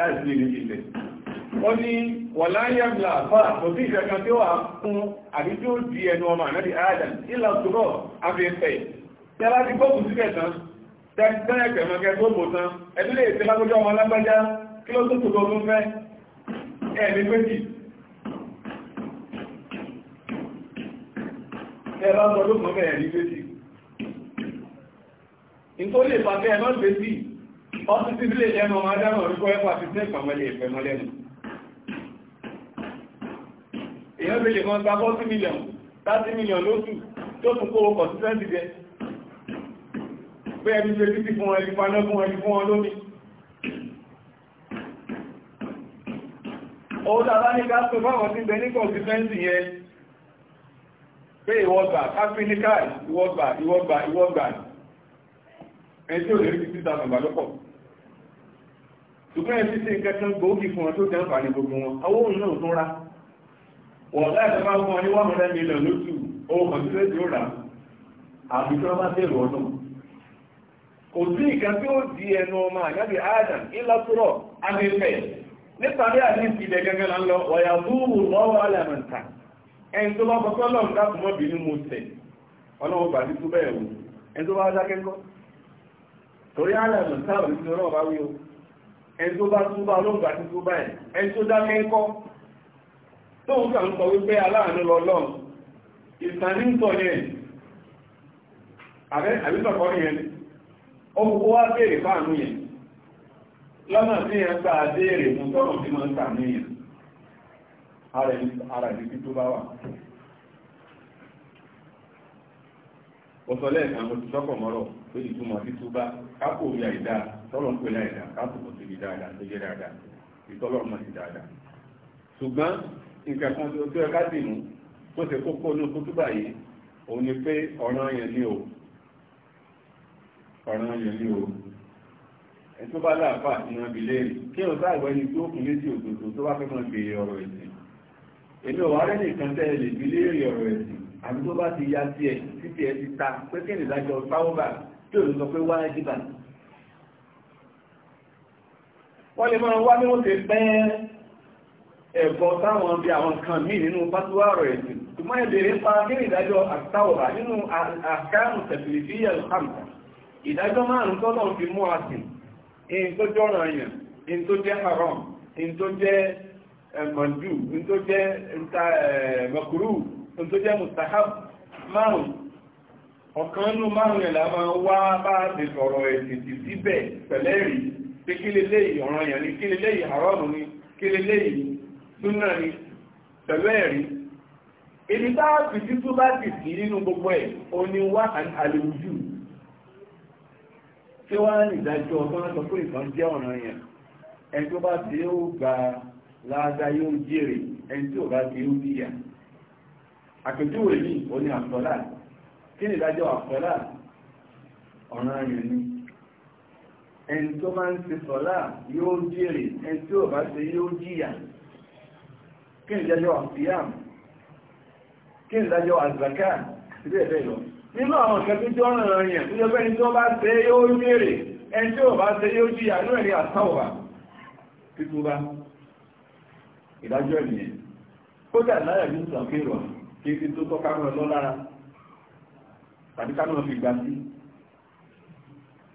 láì sí ìrìn ilẹ̀ ó ní wọ̀láyẹ̀mlà fọ́nà kò sí ìjọba tí ó wà fún àbí tí ó di ẹnu ọmọ ànábì adam ìlà òtúrọ̀ afẹ́fẹ́ tí a bá ti gbóòkù síbẹ̀ tán tẹ́ẹ̀kẹ́ kẹ̀mọ́kẹ́ tó bò tán ẹbí lè ṣe lágbójọ́ ọmọ lágbájá kí ló tó tó tó tún fẹ́ ẹ̀mí méjì ẹ̀rọ ọdún mọ́bẹ̀ẹ̀rí méjì nítorí ìpàtẹ́ ẹ̀mọ́ ọtí sí ilé ẹnu ọmọ adámọ̀ orí kọ́ ẹ̀kọ́ àti sí ìpàmọ́lẹ̀ ìfẹ́ mọ́lẹ́nu èyàn bí lè mọ́ gba 40 million 30 million lóṣù tó tún kó ọkọ̀ sí 20 jẹ pé ẹni ṣe títí fún ẹni paná fún ẹni fún ọlómi owó tàbá ní káàkó fáwọn tí bẹ ní kọ̀ọ̀sífẹ́ǹsì yẹn pé ìwọ́gbà káfíníkà ìwọ́gbà ìwọ́gbà ìwọ́gbà ẹni tí ò lè rí títí tàbí ìgbàlọ́pọ̀ ṣùgbọ́n ẹ̀sí sí nǹkan tán gbòógì fún wọn tó jẹ́ àǹfààní gbogbo wọn owó òun náà tún rá wọ̀n láti máa fún wọn ní wọ́n rẹ̀ mílíọ̀n lóṣù owó kọ̀tílẹ̀ tí ó rà àbí tí wọ́n bá bẹ̀rù ọ̀nà kò sí nǹkan tí ó di ẹnu ọmọ àgbàbí adam ìlọ́túrọ̀ amẹ́fẹ́ nítorí àti ìpìlẹ̀ gẹ́gẹ́ la ń lọ ọ̀yà búrú lọ́wọ́ alẹ́mọ̀ta ẹni tó bá kọ́kọ́ lọ́n dákùnmọ́ bínú mo tẹ̀ ọlọ́run gbà sí túbẹ̀ ẹ̀wò ẹni tó bá dákẹ́kọ́ torí alẹ́mọ̀ta òní ti rọ̀ bá wí o ẹni tó bá túbá lóògbà tí túbá ẹ̀ ẹni tó dákẹ́ ńkọ́ tóun kà ń sọ wípé aláàánú lọ́lọ́run ìsàní ń sọ yẹn yẹn wá fáànú yẹn lọ́nà tí sàánú yẹn ara ìdí tó bá wà ọ̀sọ̀lẹ́ sọ́kọ̀ mọ́rọ̀ pé ìtumọ̀ tọ́lọ̀ ń pè láì dá káàtùkù síbi dáadáa tó jẹ́ dáadáa ìtọ́lọ̀ mọ̀ sí dáadáa ṣùgbọ́n nǹkan kan tó yẹ ká dìmú tó ṣe kókó ní kútúbà yìí òun ni pé ọ̀ràn yẹn ni o ọ̀ràn yẹn ni o ẹ̀ tó bá láàfà ìran ìbílẹ̀ rẹ̀ kí o sáà wẹ́ni tó kún létí òdòdó tó bá fẹ́ mọ́ gbèrè ọ̀rọ̀ ẹ̀sìn èmi ò wá rẹ́ nìkan tẹ́ ẹ lè bí léèrè ọ̀rọ̀ ẹ̀sìn àbí tó bá ti ya tiẹ̀ títí ẹ ti ta pé kí nìdájọ́ sáwọ́bà tí òun sọ pé wáyé dìbà wọ́n lè máa wá ní wọ́n ti pẹ́ ẹ̀bọ̀ táwọn bí àwọn kan mí nínú pàtíwárọ̀ ẹ̀sìn tó máa bèèrè pa kírí ìdájọ́ àtàwọ̀bà nínú àkáàrù tẹ̀fìlìfíyà lọ́hàmùtà ìdájọ́ márùn tọ́lọ̀ fi mú àsìn in tó jẹ́ ọ̀ràn àyàn in tó jẹ́ haram in tó jẹ́ eh, mọ̀jú in tó jẹ́ eh, mọ̀kúrú in tó jẹ́ mustahab márùn ọ̀kan nínú márùn yẹn la máa wá bá ti sọ̀rọ̀ ẹ̀sìn ti síbẹ̀ pé kí lè léyìí ọ̀ràn yẹn ni kí lè léyìí àrọ́ọ̀mù ni kí lè léyìí súnà ni pẹ̀lú ẹ̀rí ibi táàbì tí tó bá ti sí nínú gbogbo ẹ̀ o ní wá àlèwùjú tí wá ní ìdájọ́ ọ̀tọ́n sọ pé ìtàn jẹ́ ọ̀ràn yẹn ẹni tó bá ti ó gba láàdá yóò jèrè ẹni tí ò bá ti ó díyà àpèjúwe yìí o ní àfọlá kí ni ìdájọ́ àfọlá ọ̀ràn yẹn ni ẹni tó máa ń ṣe sọ̀lá yóò jèrè ẹni tí ò bá ṣe yóò jìyà kí ni ìdájọ́ àfíàm kí ni ìdájọ́ àzàká ìdí ẹ̀fẹ́ lọ nínú àwọn ìkẹ́ tó jọ ọ̀rọ̀ yẹn tó jẹ́ ẹni tó bá ṣe yóò jèrè ẹni tí ò bá ṣe yóò jìyà ní ẹ̀rí àtàwà títúbá ìdájọ́ ènìyàn kódà láyà ní ìsànkérò kí ti tó tọ́ kámọ́ ẹ̀ lọ́lára tàbí kámọ́ fi gbà sí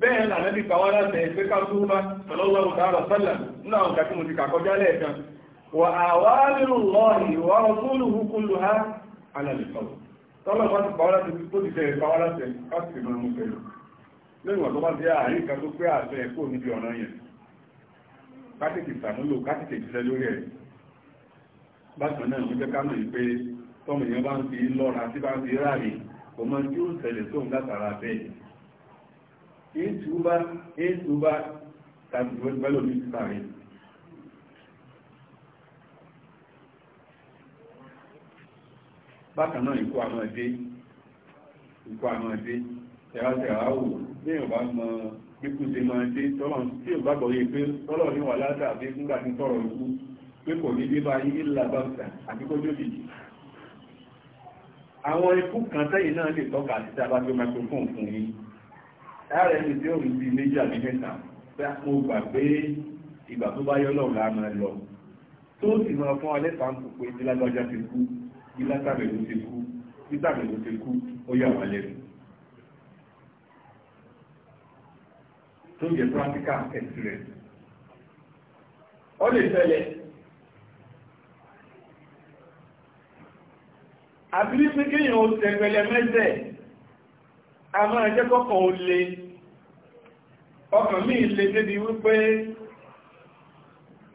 bẹ́ẹ̀ lànẹ́bí pàwọ́ láti ẹgbẹ́ náà ọ̀gá mo ti kàkọjá lẹ́ẹ̀kan wà lọ́rì wà ha alàlìfàwọ̀ tọ́lọ́pàá ti pàwọ́ ti fẹ́ẹ̀ ìtùbá ìtùbá tàbí bẹ́lò ní sàárè bákan náà ikú àmọ́ ẹ̀dẹ́ ikú àmọ́ ẹ̀dẹ́ tẹ̀rátẹ̀rá wò bí èèyàn bá mọ ikú ṣe máa dé tọ́lọ̀ tí ò bá gbọ́yé pé tọ́lọ̀ ní wà látàbí nígbà tí tọ́rọ̀ ikú pé kò ní dé báyìí ìlà báńkà àti kójú òjijì àwọn ikú kan tẹ́yìn náà lè tọ́ka àti tí a bá gbé microphone fún yín ààrẹ mi tí ó rí bí méjì àbí mẹ́ta pé mo gbà pé ìgbà tó bá yọ lọ́wọ́ la máa lọ tó sì máa fún alẹ́ sáǹpù pé bí lágbájá ti kú bí látàbẹ̀lú ti kú bí tàbẹ̀lú ti kú ó yà wá lẹ́nu. tó yẹ practical experience. ó lè ṣẹlẹ̀ àbí wípé kéèyàn ó tẹ̀pẹ̀lẹ̀ mẹ́sẹ̀ a máa jẹ́ kọ́kàn ó le ọkàn míì le débi wípé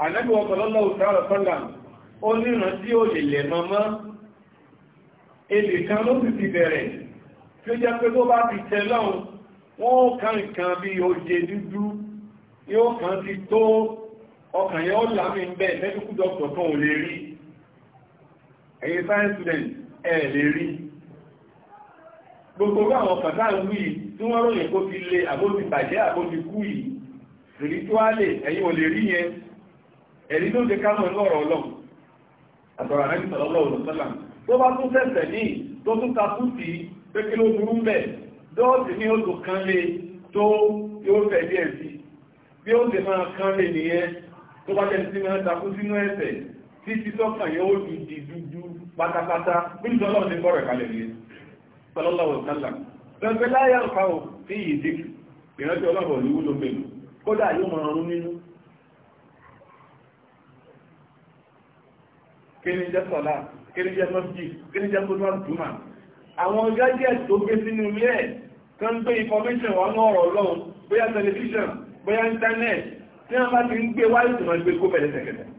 ànábì sallallahu ta'ala wa ó níran tí ó lè lẹ̀ mọ́mọ́ èlè kan ló ti bẹ̀rẹ̀ tí ó jẹ́ pé tó bá ti tẹ lọ́hùn wọ́n kàn kan bí oje dúdú yóò kàn ti tó ọkàn yẹn ó lè rí student ẹ̀ gbogbo àwọn kàtà ń wí tí wọ́n ròyìn kó fi lè àbóti bàjẹ́ àbóti kú yìí spirituale ẹ̀yìn ò lè rí yẹn ẹ̀rí tó jẹ kámọ̀ lọ́rọ̀ ọlọ́run àtọ̀rọ̀ àrẹ́bí sọ̀rọ̀ ọlọ́run tó bá tún sẹ̀sẹ̀ ní tó tún ta tún sí pé kí ló burú ń bẹ̀ dọ́ọ̀sì ní oṣù kan lé tó yóò fẹ̀ díẹ̀ sí bí ó ti máa kan lé nìyẹn tó bá jẹ́ sí máa takú sínú ẹ̀sẹ̀ títí tọ́kàn yóò di dúdú pátápátá bí ìjọlọ́run ti kọ́ rẹ̀ kalẹ̀ nìyẹn sallallahu alaihi wasallam lọ́pẹ́ láyé ọ̀pá ò sí ìdí ìrántí ọlọ́pọ̀ ní wúlò mẹ́lú kódà yóò mọ̀ ọrún nínú kí ni jẹ́ sọ́lá kí ni jẹ́ mọ́sí kí ni jẹ́ kódà túmà àwọn gájẹ́ tó gbé sínú ilé ẹ̀ tó ń gbé information wọn ọ̀rọ̀ ọlọ́run bóyá tẹlifíṣàn bóyá íńtánẹ́ẹ̀tì tí wọ́n bá ti ń gbé wáyé tó máa gbé kó bẹ̀rẹ̀ sẹ̀kẹ̀tẹ̀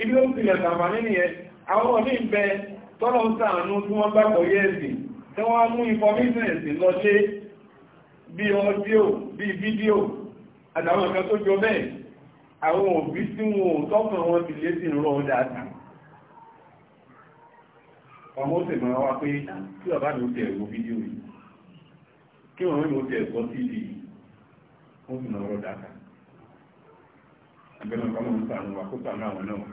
ibi ó ń tọ́lọ̀ ń sàánú tí wọ́n gbàgbọ́ yẹ́ẹ̀sì tí wọ́n mú information ẹ̀sìn lọ lé bí ọdíò bí fídíò àtàwọn kan tó jọ bẹ́ẹ̀ àwọn òbí tí wọn ò tọ́kàn wọn ti lé sí ìrọ̀ dáadáa ọmọ òsè máa wá pé kí ọba mi ó tẹ̀ ẹ̀wọ̀ fídíò yìí kí wọ́n mi ó tẹ̀ ẹ̀kọ́ sí ìdí yìí wọ́n sì máa rọ̀ dáadáa àbẹ̀lẹ̀ ọ̀pọ̀ mọ̀ ń sàánú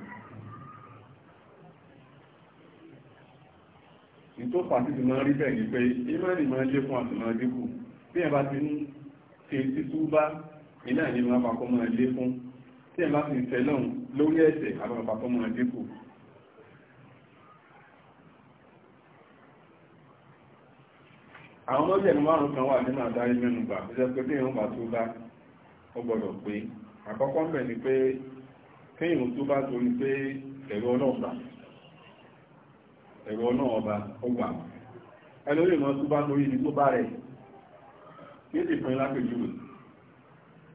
ní tó fà sí ti máa rí bẹ́ẹ̀ ni pé ìmọ̀ọ́nì máa lé fún àti máa dínkù bí ẹ bá ti ń ṣe títú bá iná ìní máa papọ̀ máa lé fún tí ẹ bá ti ń tẹ̀lé òun lórí ẹ̀sẹ̀ àwọn papọ̀ máa dínkù. àwọn ọmọdé ẹni márùn kan wà nínú àdáyé mẹ́nu bà tó jẹ́ pé bí ìwọ̀n bá tó bá ó gbọ́dọ̀ pé àkọ́kọ́ ń bẹ̀ ni pé kéèyàn tó bá torí pé ẹ̀rọ ọlọ́pàá ẹ̀rọ náà ọba ó wà ẹnu lè máa túbá torí ibi tó bá rẹ̀ yóò sì fún lápèjú rẹ̀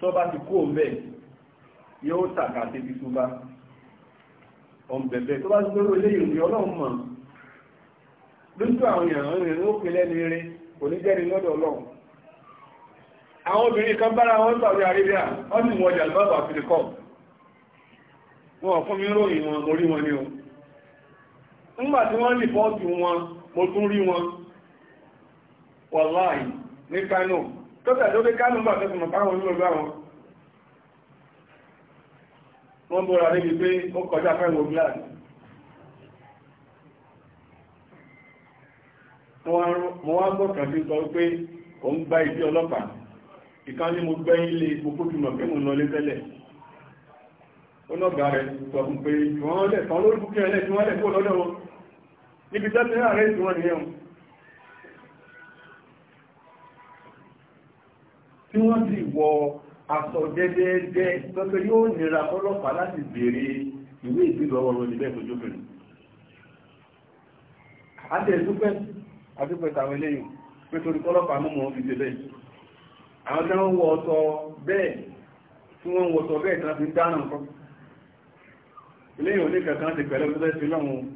tó bá ti kú òǹbẹ̀ yóò tàkà sí ibi túbá ọ̀nbẹ̀bẹ̀ tó bá ti gbóró ilé ìròyìn ọlọ́run mọ̀ lójú àwọn èèyàn rẹ̀ ló pè lẹ́nu eré kò ní jẹ́ni lọ́dọ̀ ọlọ́run àwọn obìnrin kan bára wọn Saudi Arabia wọ́n sì wọ́n jà lọ́dọ̀ àfirikọ́ wọn fún mi ròyìn wọn orí wọn ni o nígbà tí wọ́n rìpọ́ọ̀tì wọn mo tún rí wọn wàláì ní Kánò tó tẹ̀lé pé Kánò gbà tẹ́sùn mọ̀ káwọn olúgbò gbà wọn wọ́n bóra níbi pé ó kọjá fẹ́wọ̀ gíláàsì mo wá gbọ́ kan sí sọ pé ó ń gba ìdí ọlọ́pàá ìkan ní mo gbẹ́ ilé gbogbo jùmọ̀ pé mo lọ lé tẹ́lẹ̀ ó lọ́gbà rẹ̀ sọ fún pé wọ́n lẹ̀ kan lórí búkẹ́ ẹlẹ́ tí wọ́n lẹ̀ kó lọ́dọ̀ níbi tó ti ní ààrẹ ìsìn wọn nìyẹn tí wọ́n ti wọ aṣọ dẹ́dẹ́dẹ́ lọ́pẹ́ yóò nira ọlọ́pàá láti béèrè ìwé ìgbìlọ̀ ọwọ́ wọn níbẹ̀ tó jókèrè àti ẹ̀dúpẹ́ àdúpẹ́ tàwọn eléyìí pé torí kọ́lọ́pàá mú mọ́ fi ṣe bẹ́ẹ̀ àwọn tí wọ́n wọ ọ̀tọ̀ bẹ́ẹ̀ tí wọ́n wọ ọ̀tọ̀ bẹ́ẹ̀ tí wọ́n fi dáná nǹkan eléyìí ò ní kẹ̀kẹ́ ti pẹ̀lú ọdún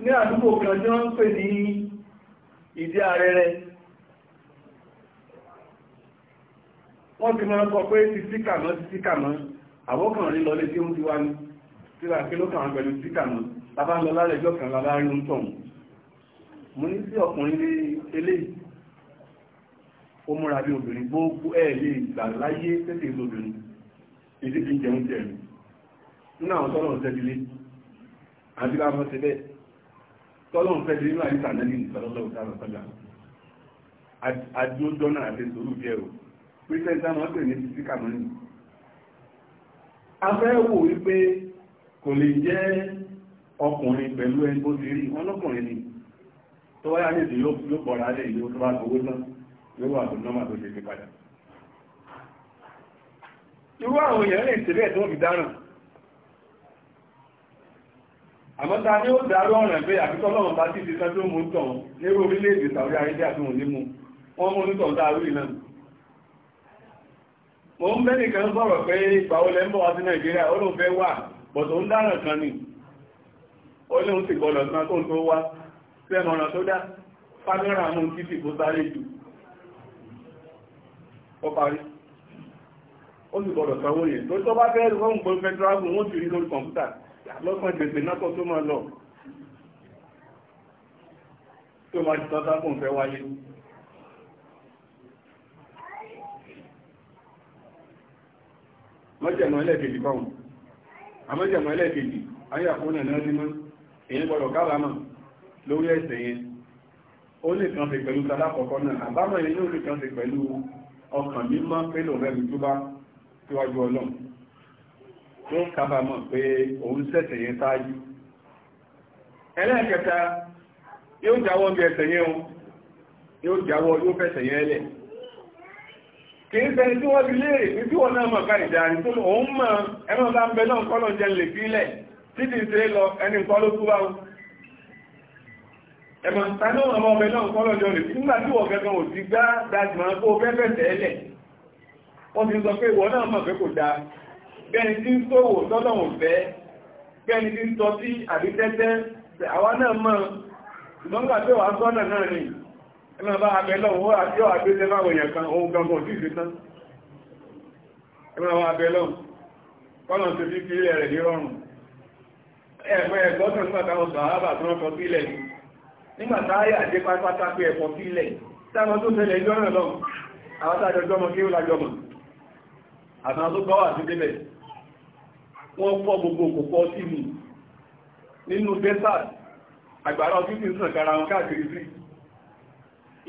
ní àdúgbò kan tí wọ́n ń pè ní ìdí arẹrẹ wọ́n ti máa kọ pé ti síkà mọ́ ti síkà mọ́ àwọ́kànrin lọ lé tí ó ń ti wá ní síra kí ló kàn pẹ̀lú síkà mọ́ lábá ń lọ lálẹ́jọ́ kan lábá rí ń tọ̀hún mo ní sí ọkùnrin lé eléyìí ó múra bí obìnrin gbogbo ẹ̀ lè gbà láyé tẹ́tẹ̀ ìlú obìnrin ìdí fi jẹun jẹun nínú àwọn tọ́lọ̀ ń tẹ́bílé àbí láwọn ti bẹ́ẹ̀ tọ́lọ́run fẹ́ lé nínú àdìsá náà nínú ìsọlọ́lọ́wọ́ sára náà àti sòrò jẹ́ o pínlẹ̀ táwọn ọ̀pẹ̀ ní títí a fẹ́ wò wípé kò lè jẹ́ ọkùnrin pẹ̀lú ẹni bó ti rí ni tó wáyà ní ìdí yóò pọ̀ ìlú tó bá gbowó tán yóò àmọ́ta ní ó dárú ọ̀ràn pé àfikọ́ lọ́wọ́n bá ti ṣiṣẹ́ tó mú tàn nírú orílẹ̀-èdè Saudi Arabia tó ní mú wọ́n mú nítàn dáa rí náà mo ń bẹ́ẹ̀ nìkan sọ̀rọ̀ pé ìgbà olè ń bọ̀ wá sí Nàìjíríà ó lóun fẹ́ wà bọ̀tọ̀ ń dáràn kan ni ó lóun sì gbọ́dọ̀ san tó ń tó wá sẹ́nu ọ̀ràn tó dá fámẹ́rà mú títì kó sáré jù ó parí ó sì lọ́gbọ̀n gbèsè nákọ́ tó máa lọ tó máa ti tọ́ta fún ìfẹ́ wáyé mọ́jẹ̀mọ́ ẹlẹ́kejì báwọn àmọ́jẹ̀mọ́ ẹlẹ́kejì ayàkónà náà ní mọ́ èyí gbọ́dọ̀ kábàámọ̀ lórí ẹ̀ṣẹ̀ yẹn ó lè kan fi pẹ̀lú tàlákọ̀ọ́kọ́ náà àbámọ̀ yẹn ó lè kan fi pẹ̀lú ọkàn mímọ́ pẹ́lú rẹ̀ tó bá síwájú ọlọ́run tó kábàámọ̀ pé òun sẹ̀sẹ̀ yẹn sáájú ẹlẹ́ẹ̀kẹta yóò jáwọ́ bí ẹsẹ̀ yẹn o yóò jáwọ́ yóò fẹsẹ̀ yẹn lẹ̀ kìí sẹ́ni tí wọ́n ti léèrè ní tí wọ́n náà mọ̀ káì dáadì tó òun mọ̀ ẹmọ́ bá ń bẹ náà kọ́ lọ jẹ lè fílẹ̀ títí ṣe lọ ẹni nǹkan ló túbá o ẹmọ̀ tánú ọmọ ọbẹ̀ náà kọ́ lọ jẹ lè fílẹ̀ nígbà tí wọ́n gẹ́gẹ́ ò ti gbá dájúmọ́ kó fẹ́fẹ́ tẹ́lẹ̀ wọ́n ti sọ pé ìwọ náà mọ̀ pé kò dáa bẹ́ẹ̀ni tí ń sòwò tọ́lọ̀hùn fẹ́ bẹ́ẹ̀ni tí ń sọ sí àbí tẹ́tẹ́ àwa náà mọ̀ ìgbọ́ngbà tí wàá sọ́nà náà ni ẹmọ bá abẹ́ lọ́wọ́ àti ọ̀ àgbẹ́sẹ̀ máa wòyàn kan ohun gangan sí ìsìn tán ẹmọ àwọn abẹ́ lọ́wọ́ kọ́nà tó fi fílẹ̀ rẹ̀ ní rọrùn ẹ̀fẹ́ ẹ̀gbọ́sàn nígbàtàwọn sàábà tó rán fọ́sílẹ̀ nígbàtàáyà dé pátápátá pé ẹ̀fọ́sílẹ̀ táwọn tó tẹ́lẹ̀ ìjọ́rìn lọ àwọn tàjọjọ́mọ kí ó lájọmọ̀ àtàwọn tó gọ́wà sí débẹ̀ wọ́n fọ́ gbogbo òkòkò ọtí mi nínú desert àgbàrá ọtí ti ń sàn kára wọn káàkiri sí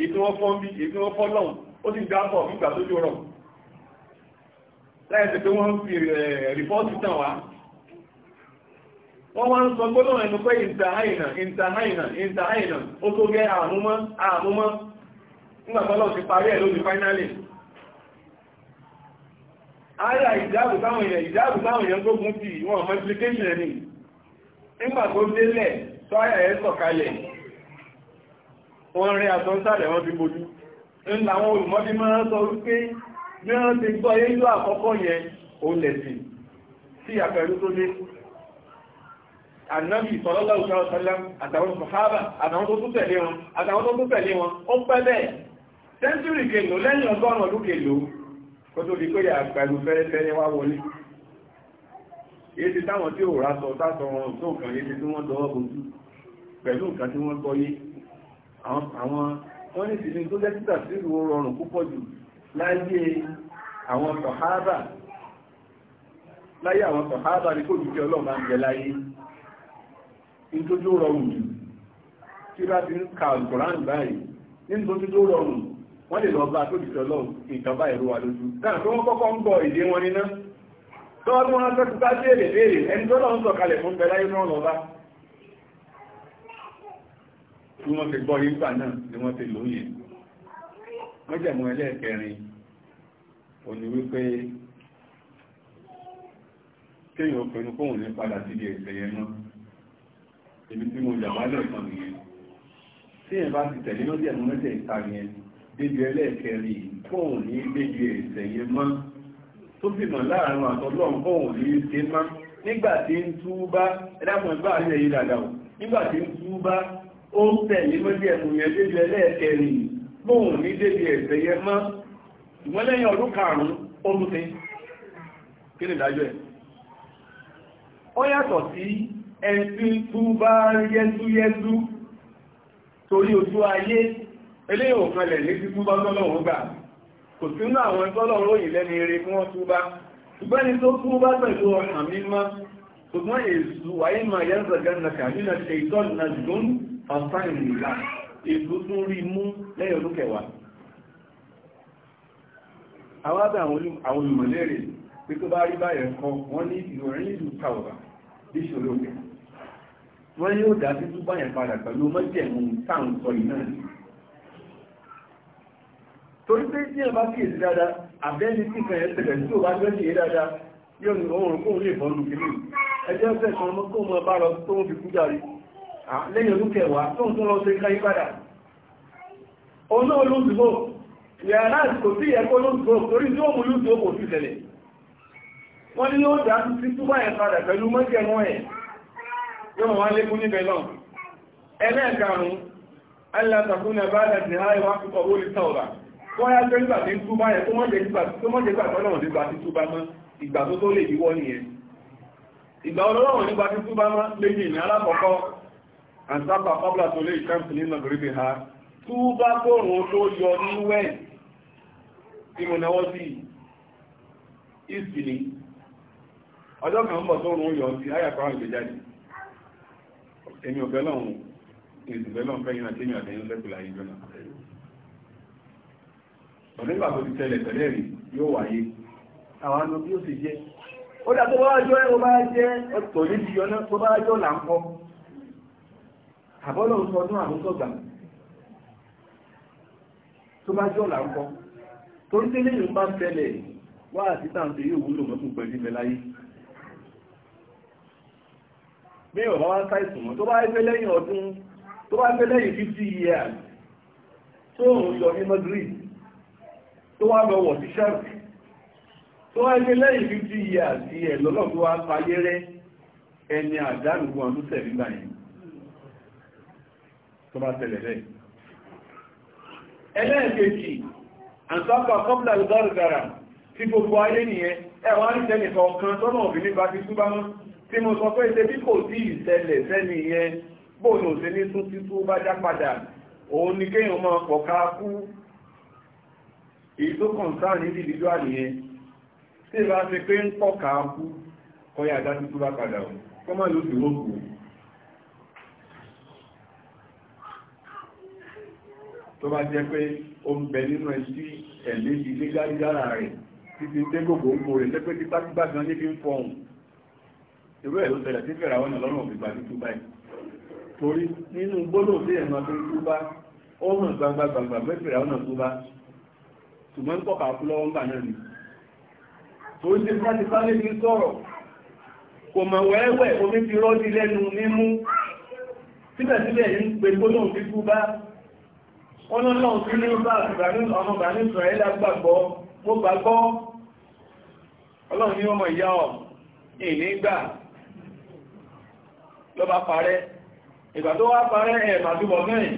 ètò wọn fọ́ bí ètò wọn fọ́ lọ́n ó sì gbá pọ̀ nígbà tó jọ rọ̀ láìsí pé wọ́n fi rìpọ́ọ̀tì tàn wá wọ́n wá ń sọ gbọ́dọ̀ ẹnu pé ìntàháìnà ìntàháìnà ìntàháìnà ó tó gẹ́ àmúmọ́ àmúmọ́ nígbà tó lọ sí parí ẹ̀ lónìí fáínálì àyà ìjáàbù táwọn èèyàn ìjáàbù táwọn èèyàn gbógun ti wọn multiplication ni nígbà tó délẹ̀ tó àyà ẹ̀ sọ̀kalẹ̀ wọ́n rí aṣọ sálẹ̀ wọ́n fi bojú ńlá àwọn olùmọ́bí máa ń sọ wípé bí wọ́n ti gbọ́ yéjú àkọ́kọ́ yẹn ó lẹ̀sìn sí àpẹẹrú tó lé ànábì sallallahu alaihi wasallam àtàwọn sàhábà àtàwọn tó tún tẹ̀lé wọn àtàwọn tó tún tẹ̀lé wọn ó pẹ́ bẹ́ẹ̀ sẹ́ńtúrì kèlò lẹ́yìn ọgọ́rùn-ún ọdún kèlò kó tó di pé àgbàlù fẹ́rẹ́fẹ́ ní wá wọlé èyí ti táwọn tí ò rà sọ tásọ wọn tó nǹkan yé tí wọ́n dọwọ́ bojú pẹ̀lú nǹkan tí wọ́n gbọ́ yé àwọn wọ́n ní sí ní tó jẹ́ títà sí ìwò rọrùn púpọ̀ jù láyé àwọn sọ̀hábà láyé àwọn sọ̀hábà ní kò jù kí ọlọ́ọ̀bá ń jẹ láyé nítorí ó rọrùn jù tí bá ti ń ka àlùkùrán báyìí nítorí ó rọrùn wọ́n lè lọ bá tó dìtọ̀ lọ ìjọba ìró wa lójú dáa tó wọ́n kọ́kọ́ ń gbọ́ èdè wọn níná tọ́wọ́ wọn tó ti bá béèrè béèrè ẹni tó lọ ń sọ kalẹ̀ fún bẹ̀rẹ̀ inú ọ̀nà bá tí wọ́n fi gbọ́ yípa náà ni wọ́n fi lóye wọ́n jẹ̀mọ́ ẹlẹ́ẹ̀kẹrin òní wípé kéèyàn òpinnu kóhùn ní padà sí ẹ̀sẹ̀ yẹn náà ibi tí mo yà wálẹ̀ ìtàn nìyẹn tí èèyàn bá ti tẹ̀lé lóde ẹ̀mọ́ mẹ́tẹ̀ẹ̀ta yẹn débi ẹlẹ́ẹ̀kẹrin fóun ní débi ẹ̀sẹ̀ yẹn mọ́ tó sì mọ̀ láàrin àtọ́lọ́run fóun ní ṣe mọ́ nígbà tí ń túbá ẹ̀dàpọ̀ ìgbà àrí ẹ̀yìn dàdà nígbà tí ń túbá ó ń tẹ̀lé mọ́jú ẹ̀kùn yẹn débi ẹlẹ́ẹ̀kẹrin fóun ní débi ẹ̀sẹ̀ yẹn mọ́ ìwọ́n lẹ́yìn ọdún karùn-ún ó ń ṣe kí ni ìdájọ́ ẹ̀ ó yàtọ̀ sí ẹni tí ń túbá yẹ́túyẹ́tú torí ojú ayé eléyìn òkanlẹ̀ ní títú bá tọ́lọ̀wọ́ gbà kò sí ní àwọn tọ́lọ̀wọ́ òyìn lẹ́ni eré fún wọ́n tú bá ṣùgbọ́n ni tó tú bá pẹ̀lú ọ̀nà mímọ́ ṣùgbọ́n èsù àìmọ̀ yẹ́nzọ̀gán na kàmínà ṣe ìtọ́lù na dùn ọ̀sán ìlà èsù tún rí mú lẹ́yìn ọdún kẹwàá àwọn àbẹ̀ àwọn olùmọ̀lẹ́rẹ̀ pé tó bá rí báyẹn kan wọ́n ní ìròyìn ìlú tàwà bí ṣòro rẹ̀ wọ́n yóò dá títú báyẹn padà pẹ̀lú mọ́jẹ̀mú táwọn sọ ìnáà torí pé tí ẹ bá kí èsì dáadáa àbẹ́ni tí kan ẹ̀ tẹ̀lẹ̀ tí ó bá gbẹ́ sí èé dáadáa yóò ní ọrùn kóhun lè bọ́ọ̀lù kìíní ẹjẹ́ ọ̀sẹ̀ kan mọ́ kó mọ́ bá lọ tó ń fi kú járe lẹ́yìn ọdún kẹwàá tó ń tó lọ sí káyí padà ọ̀nà olóòdùgbò yàrá kò sí ẹ̀kọ́ olóòdùgbò torí tí ó mú lóòdùgbò kò sí tẹ̀lẹ̀ wọ́n ní yóò dá sí túbà ẹ̀ padà pẹ̀lú mọ́jẹ̀wọ́n wọ́n yá jẹ́ nígbà tí ń túbá yẹn tó mọ́ jẹ́ nígbà tó mọ́ jẹ́ nígbà tó lọ́wọ́ nígbà tí túbá mọ́ ìgbà tó tó lè yíwọ́ nìyẹn ìgbà ọlọ́wọ́ nígbà tí túbá mọ́ méjì ní alákọ̀ọ́kọ́ àǹsápà pabla tó lè kẹ́ǹtì ní nàgòríbì ha túbá tóòrùn tó yọ ní wẹ́ tí mo náwọ́ sí ìsìlì ọjọ́ kan ń bọ̀ tóòrùn yọ sí ayàkọ́ àwọn ìgbéjáde èmi ò bẹ́lọ̀ òun ìsìnbẹ́lọ̀ fẹ́yìn àti èmi àtẹ́yìn lẹ́kùlà ìjọ náà ọ̀dọ́ ìgbà tó ti tẹ́lẹ̀ pẹ̀lẹ́ rí yóò wáyé àwọn àna bí ó sì jẹ́ ó dà tó bá jọ́ ẹ̀ ó bá jẹ́ ọ̀tọ̀ níbi yọná tó bá jọ́ là ń kọ́ àbọ́lọ̀ ń sọdún àmúsọ̀gbà tó bá jọ́ là ń kọ́ tó ń tẹ́lẹ̀ yóò bá tẹ́lẹ̀ wá àti táǹtẹ̀ yóò wúlò mọ́kùn pẹ̀lú ìmẹ́láyé bí ọ̀bá wá sáìsùn mọ́ tó bá fẹ́ lẹ́yìn ọdún tó bá fẹ́ lẹ́yìn 50 years tó ń yọ ní Madrid tó wá lọ wọ̀ sí ṣẹ́ẹ̀kì tó wá ní lẹ́yìn fífí yìí àti ẹ̀ lọ́nà tó wá payé rẹ́ ẹni àdánùgbọ́n ọdún tẹ̀lé gbà yìí tó bá tẹ̀lẹ̀ rẹ̀ ẹlẹ́ẹ̀kejì àǹtọ́pà kọ́pùlà lọ́rùgara tí gbogbo ayé nìyẹn ẹ̀wọ̀n ní tẹ́lẹ̀ kọ̀ọ̀kan tọ́nà òbìnrin bá fi túbá mọ́ tí mo sọ pé ṣe bí kò tí ìṣẹ̀lẹ̀ sẹ́ni yẹn bóòlù òṣèlú tún títú bá já padà òun ni kéèyàn máa pọ̀ ká kú èyí tó kàn sáà ní ìdíjú àníyẹn tí ìbá fi pé ń tọ́ka kú kọyá àdájú tó bá padà ọ̀ kọ́ máa ló fi rókù tó bá jẹ́ pé o ń bẹ nínú ẹ̀sí ẹ̀lé ilé gárígára rẹ̀ títí tẹ́ gbogbo ń kò rẹ̀ lẹ́pẹ́ tí pátígbà gan ní fi ń fọhùn ìwé ẹ̀ ló tẹ̀lẹ̀ tí fẹ̀rẹ̀ àwọn ọlọ́run òfin gbà títú báyìí torí nínú gbólóòdé ẹ̀nà tó ń túbá ó hàn gbangba gbangba mẹ́fẹ̀rẹ̀ àwọn ọ̀nà túbá ṣùgbọ́n ń kọ̀kà fún lọ́wọ́ ń bà náà ni tó ń ṣe pátíkálé ní sọ̀rọ̀ kò mọ̀ wẹ́wẹ́ omi ti rọ́dí lẹ́nu mímú síbẹ̀síbẹ̀ ń pe gbólóhùn ti kú bá wọn lọ́lọ́run sí ní bá ọmọ bàní Israẹli gbàgbọ́ mo gbàgbọ́ ọlọ́run ní ọmọ ìyá ọ̀ ìní gbà lọ́ba parẹ́ ìgbà tó wá parẹ́ ẹ̀ màdúbọ̀ mẹ́rin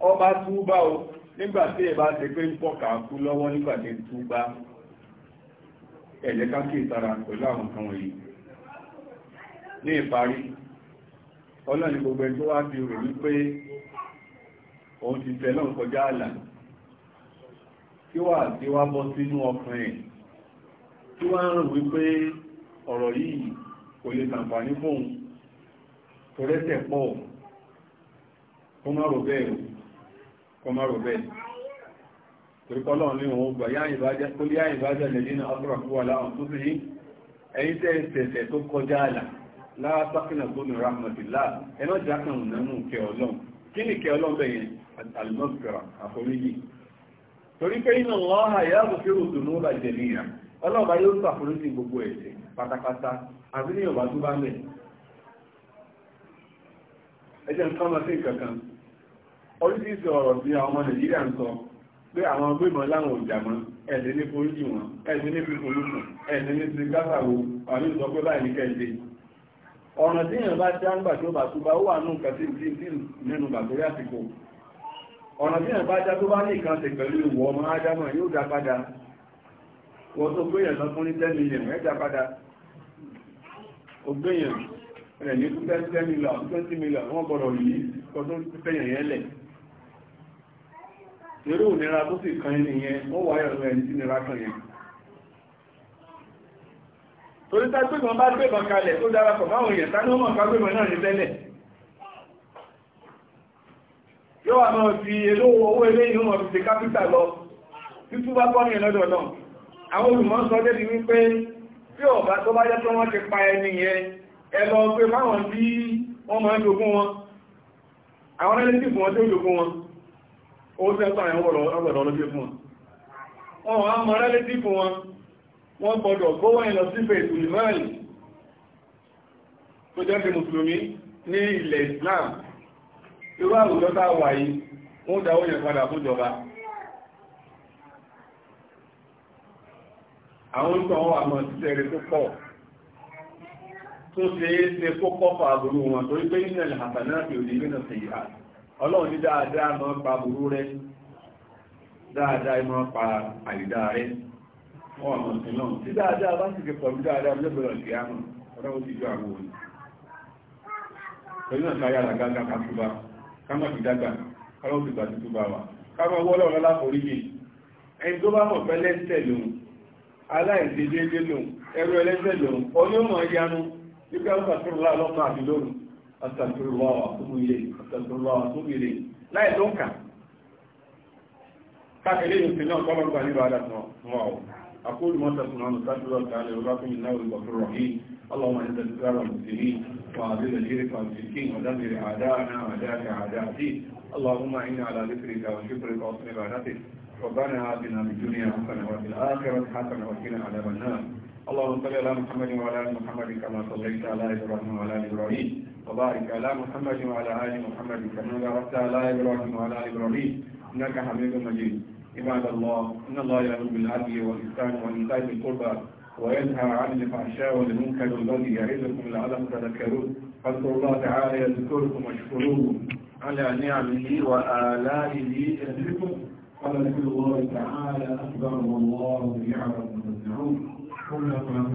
ọba túbá o nígbàtí ẹ̀bá ti pé ń pọ̀ kàákú lọ́wọ́ nígbàtí túbá ẹ̀jẹ́ káàkiri tara pẹ̀lú àwọn kan wọ̀nyí ní ìparí ọlọ́ni gbogbo ẹni tó wá fi rò wípé òun ti tẹ̀lọ́ kọjá àlà kí wà tí wá bọ́ sínú ọkùnrin tí wá ń rò wípé ọ̀rọ̀ yìí kò lè ṣàǹfààní fóun torẹ́tẹ̀ pọ̀ kó má rò kọmọrò bẹ́ẹ̀ torípọ́lọ́ ní òun gbà kó lé àyìnbájá lè dínà ọ́pọ̀rọ̀kú wà láwọn tó fi ẹ̀yìn tẹ́ ìtẹ̀ẹ̀tẹ̀ tó kọjá àlà láàpákínà gómìn rahmatulá ẹnà jákàn nánú kẹ ọlọ́n kí ni kẹ ọlọ́n bẹ̀yẹn alimọ́sùkẹ̀rà àforíjì torí pé iná lọ́ha ìyáàbò fi rùtù ní ọba ìjẹ̀lìyà ọlọ́ọ̀bá yóò ṣàforíjì gbogbo sí nǹkan oríṣiríṣi ọ̀rọ̀ sí àwọn ọmọ nàìjíríà ń sọ pé àwọn agbébọn láwọn òjàmọ́ ẹ̀dẹ́ ní foríjì wọn ẹ̀dẹ́ ní fífò lókùn ẹ̀dẹ́ ní ti gáfàwò àmì ìsọ pé báyìí kẹ́ẹ̀dẹ́ ọ̀nà tí èèyàn bá já ń gbà tó bá tó bá ó wà nù nǹkan tí tí tí nínú bàtórí àsìkò ọ̀nà tí èèyàn bá já tó bá ní nǹkan ṣe pẹ̀lú ìwọ ọmọ ádámọ̀ yóò dá padà wọ́n tó gbé èèyàn lọ́kùnrin ní 10 million ẹ̀ dá padà ó gbé èèyàn rẹ̀ ní 10 million 20 million wọ́n gbọ́dọ̀ yìí kọ́ tó fẹ́yàn yẹn lẹ̀ irú ìnira tó sì kan nìyẹn ó wà ẹ̀rọ ẹni tí nira kan yẹn torí tá gbẹ́gbọ́n bá gbẹ́gbọ́n kalẹ̀ tó darapọ̀ máwọn èèyàn tá ní ó mọ̀ ká gbẹ́gbọ́n náà ní tẹ́lẹ̀ yóò wà máa fi èlò owó ilé ìlú wọn fi ṣe kápítà lọ títú bá bọ́ ní ẹ̀lọ́dọ̀ náà àwọn olùmọ̀ sọ débi wípé tí ọ̀bá tó bá jẹ́ tó wọ́n ti pa ẹni yẹn ẹ lọ pé máwọn bí wọ́n máa ń dogun wọn àwọn ẹlẹ́sìn fún wọn tó dogun wọn ó sẹ́pà ẹ̀wọ̀rọ̀ ọlọ́bí fún wọn wọ́n mọ̀ rẹ́lẹ́tí fún wọn wọ́n gbọ́dọ̀ gómìnà lọ sí fèsì ìmáàlì tó jẹ́ fi mùsùlùmí ní ilẹ̀ Islam irú àwùjọ tá wà yìí wọ́n dáwó yẹn padà fún ìjọba àwọn oúnjẹ wọn àmọ̀ títẹ̀ rẹ̀ tó pọ̀ tó ṣe é ṣe kó kọ́ fà àbúrú wọn torí pé ìrìnlẹ̀ àtàlẹ́ àti òdí ìrìnlẹ̀ sèyí àti ọlọ́run ní dáadáa máa pa burú rẹ dáadáa máa pa àìdá rẹ wọ́n àmọ́ sí náà tí dáadáa bá sì fi pọ̀ bí dáadáa lẹ́gbẹ̀rẹ̀ kí á mọ̀ ọlọ́run ti jọ àwọn òní pẹ̀lú náà káyà làgágá ká túbá ká má fi dágbà kọ́lọ́ ti gbà ti túbá wa ká wọ́ ọlọ́run láforí yìí ẹni tó bá mọ̀ pẹ́ lẹ́sẹ̀ lòun aláìsí déédéé lòun ẹrú ẹlẹ́sẹ̀ lòun onímọ̀ yanu yíká ó fàtúrù astagfirullah àtúbù ilé astagfirullah àtúbù ilé láì tó ń kà káàkiri yìí sinú ọ̀pọ̀ ọgbà nílò àdàtàn wọn ọ̀ أقول ما تصنعون استغفر الله تعالى ولاكم من نور الغفور الرحيم اللهم انت الاسلام والمسلمين وعزيز الشرك والمشركين ودمر اعداءنا واعداءك اعداء الدين اللهم انا على ذكرك وشكرك وحسن عبادتك ربنا اتنا في الدنيا حسنه وفي الاخره حسنه وقنا عذاب النار اللهم صل على محمد وعلى ال محمد كما صليت على ابراهيم وعلى ال ابراهيم وبارك على محمد وعلى آل محمد كما باركت على إبراهيم وعلى آل إبراهيم إنك حميد مجيد عباد الله إن الله يأمر بالعدل والإحسان وإيتاء ذي القربى وينهى عن الفحشاء والمنكر والبغي يعظكم لعلكم تذكرون فاذكروا الله تعالى يذكركم واشكروه على نعمه وآلائه يذكركم قال الله تعالى أكبر والله يعلم ما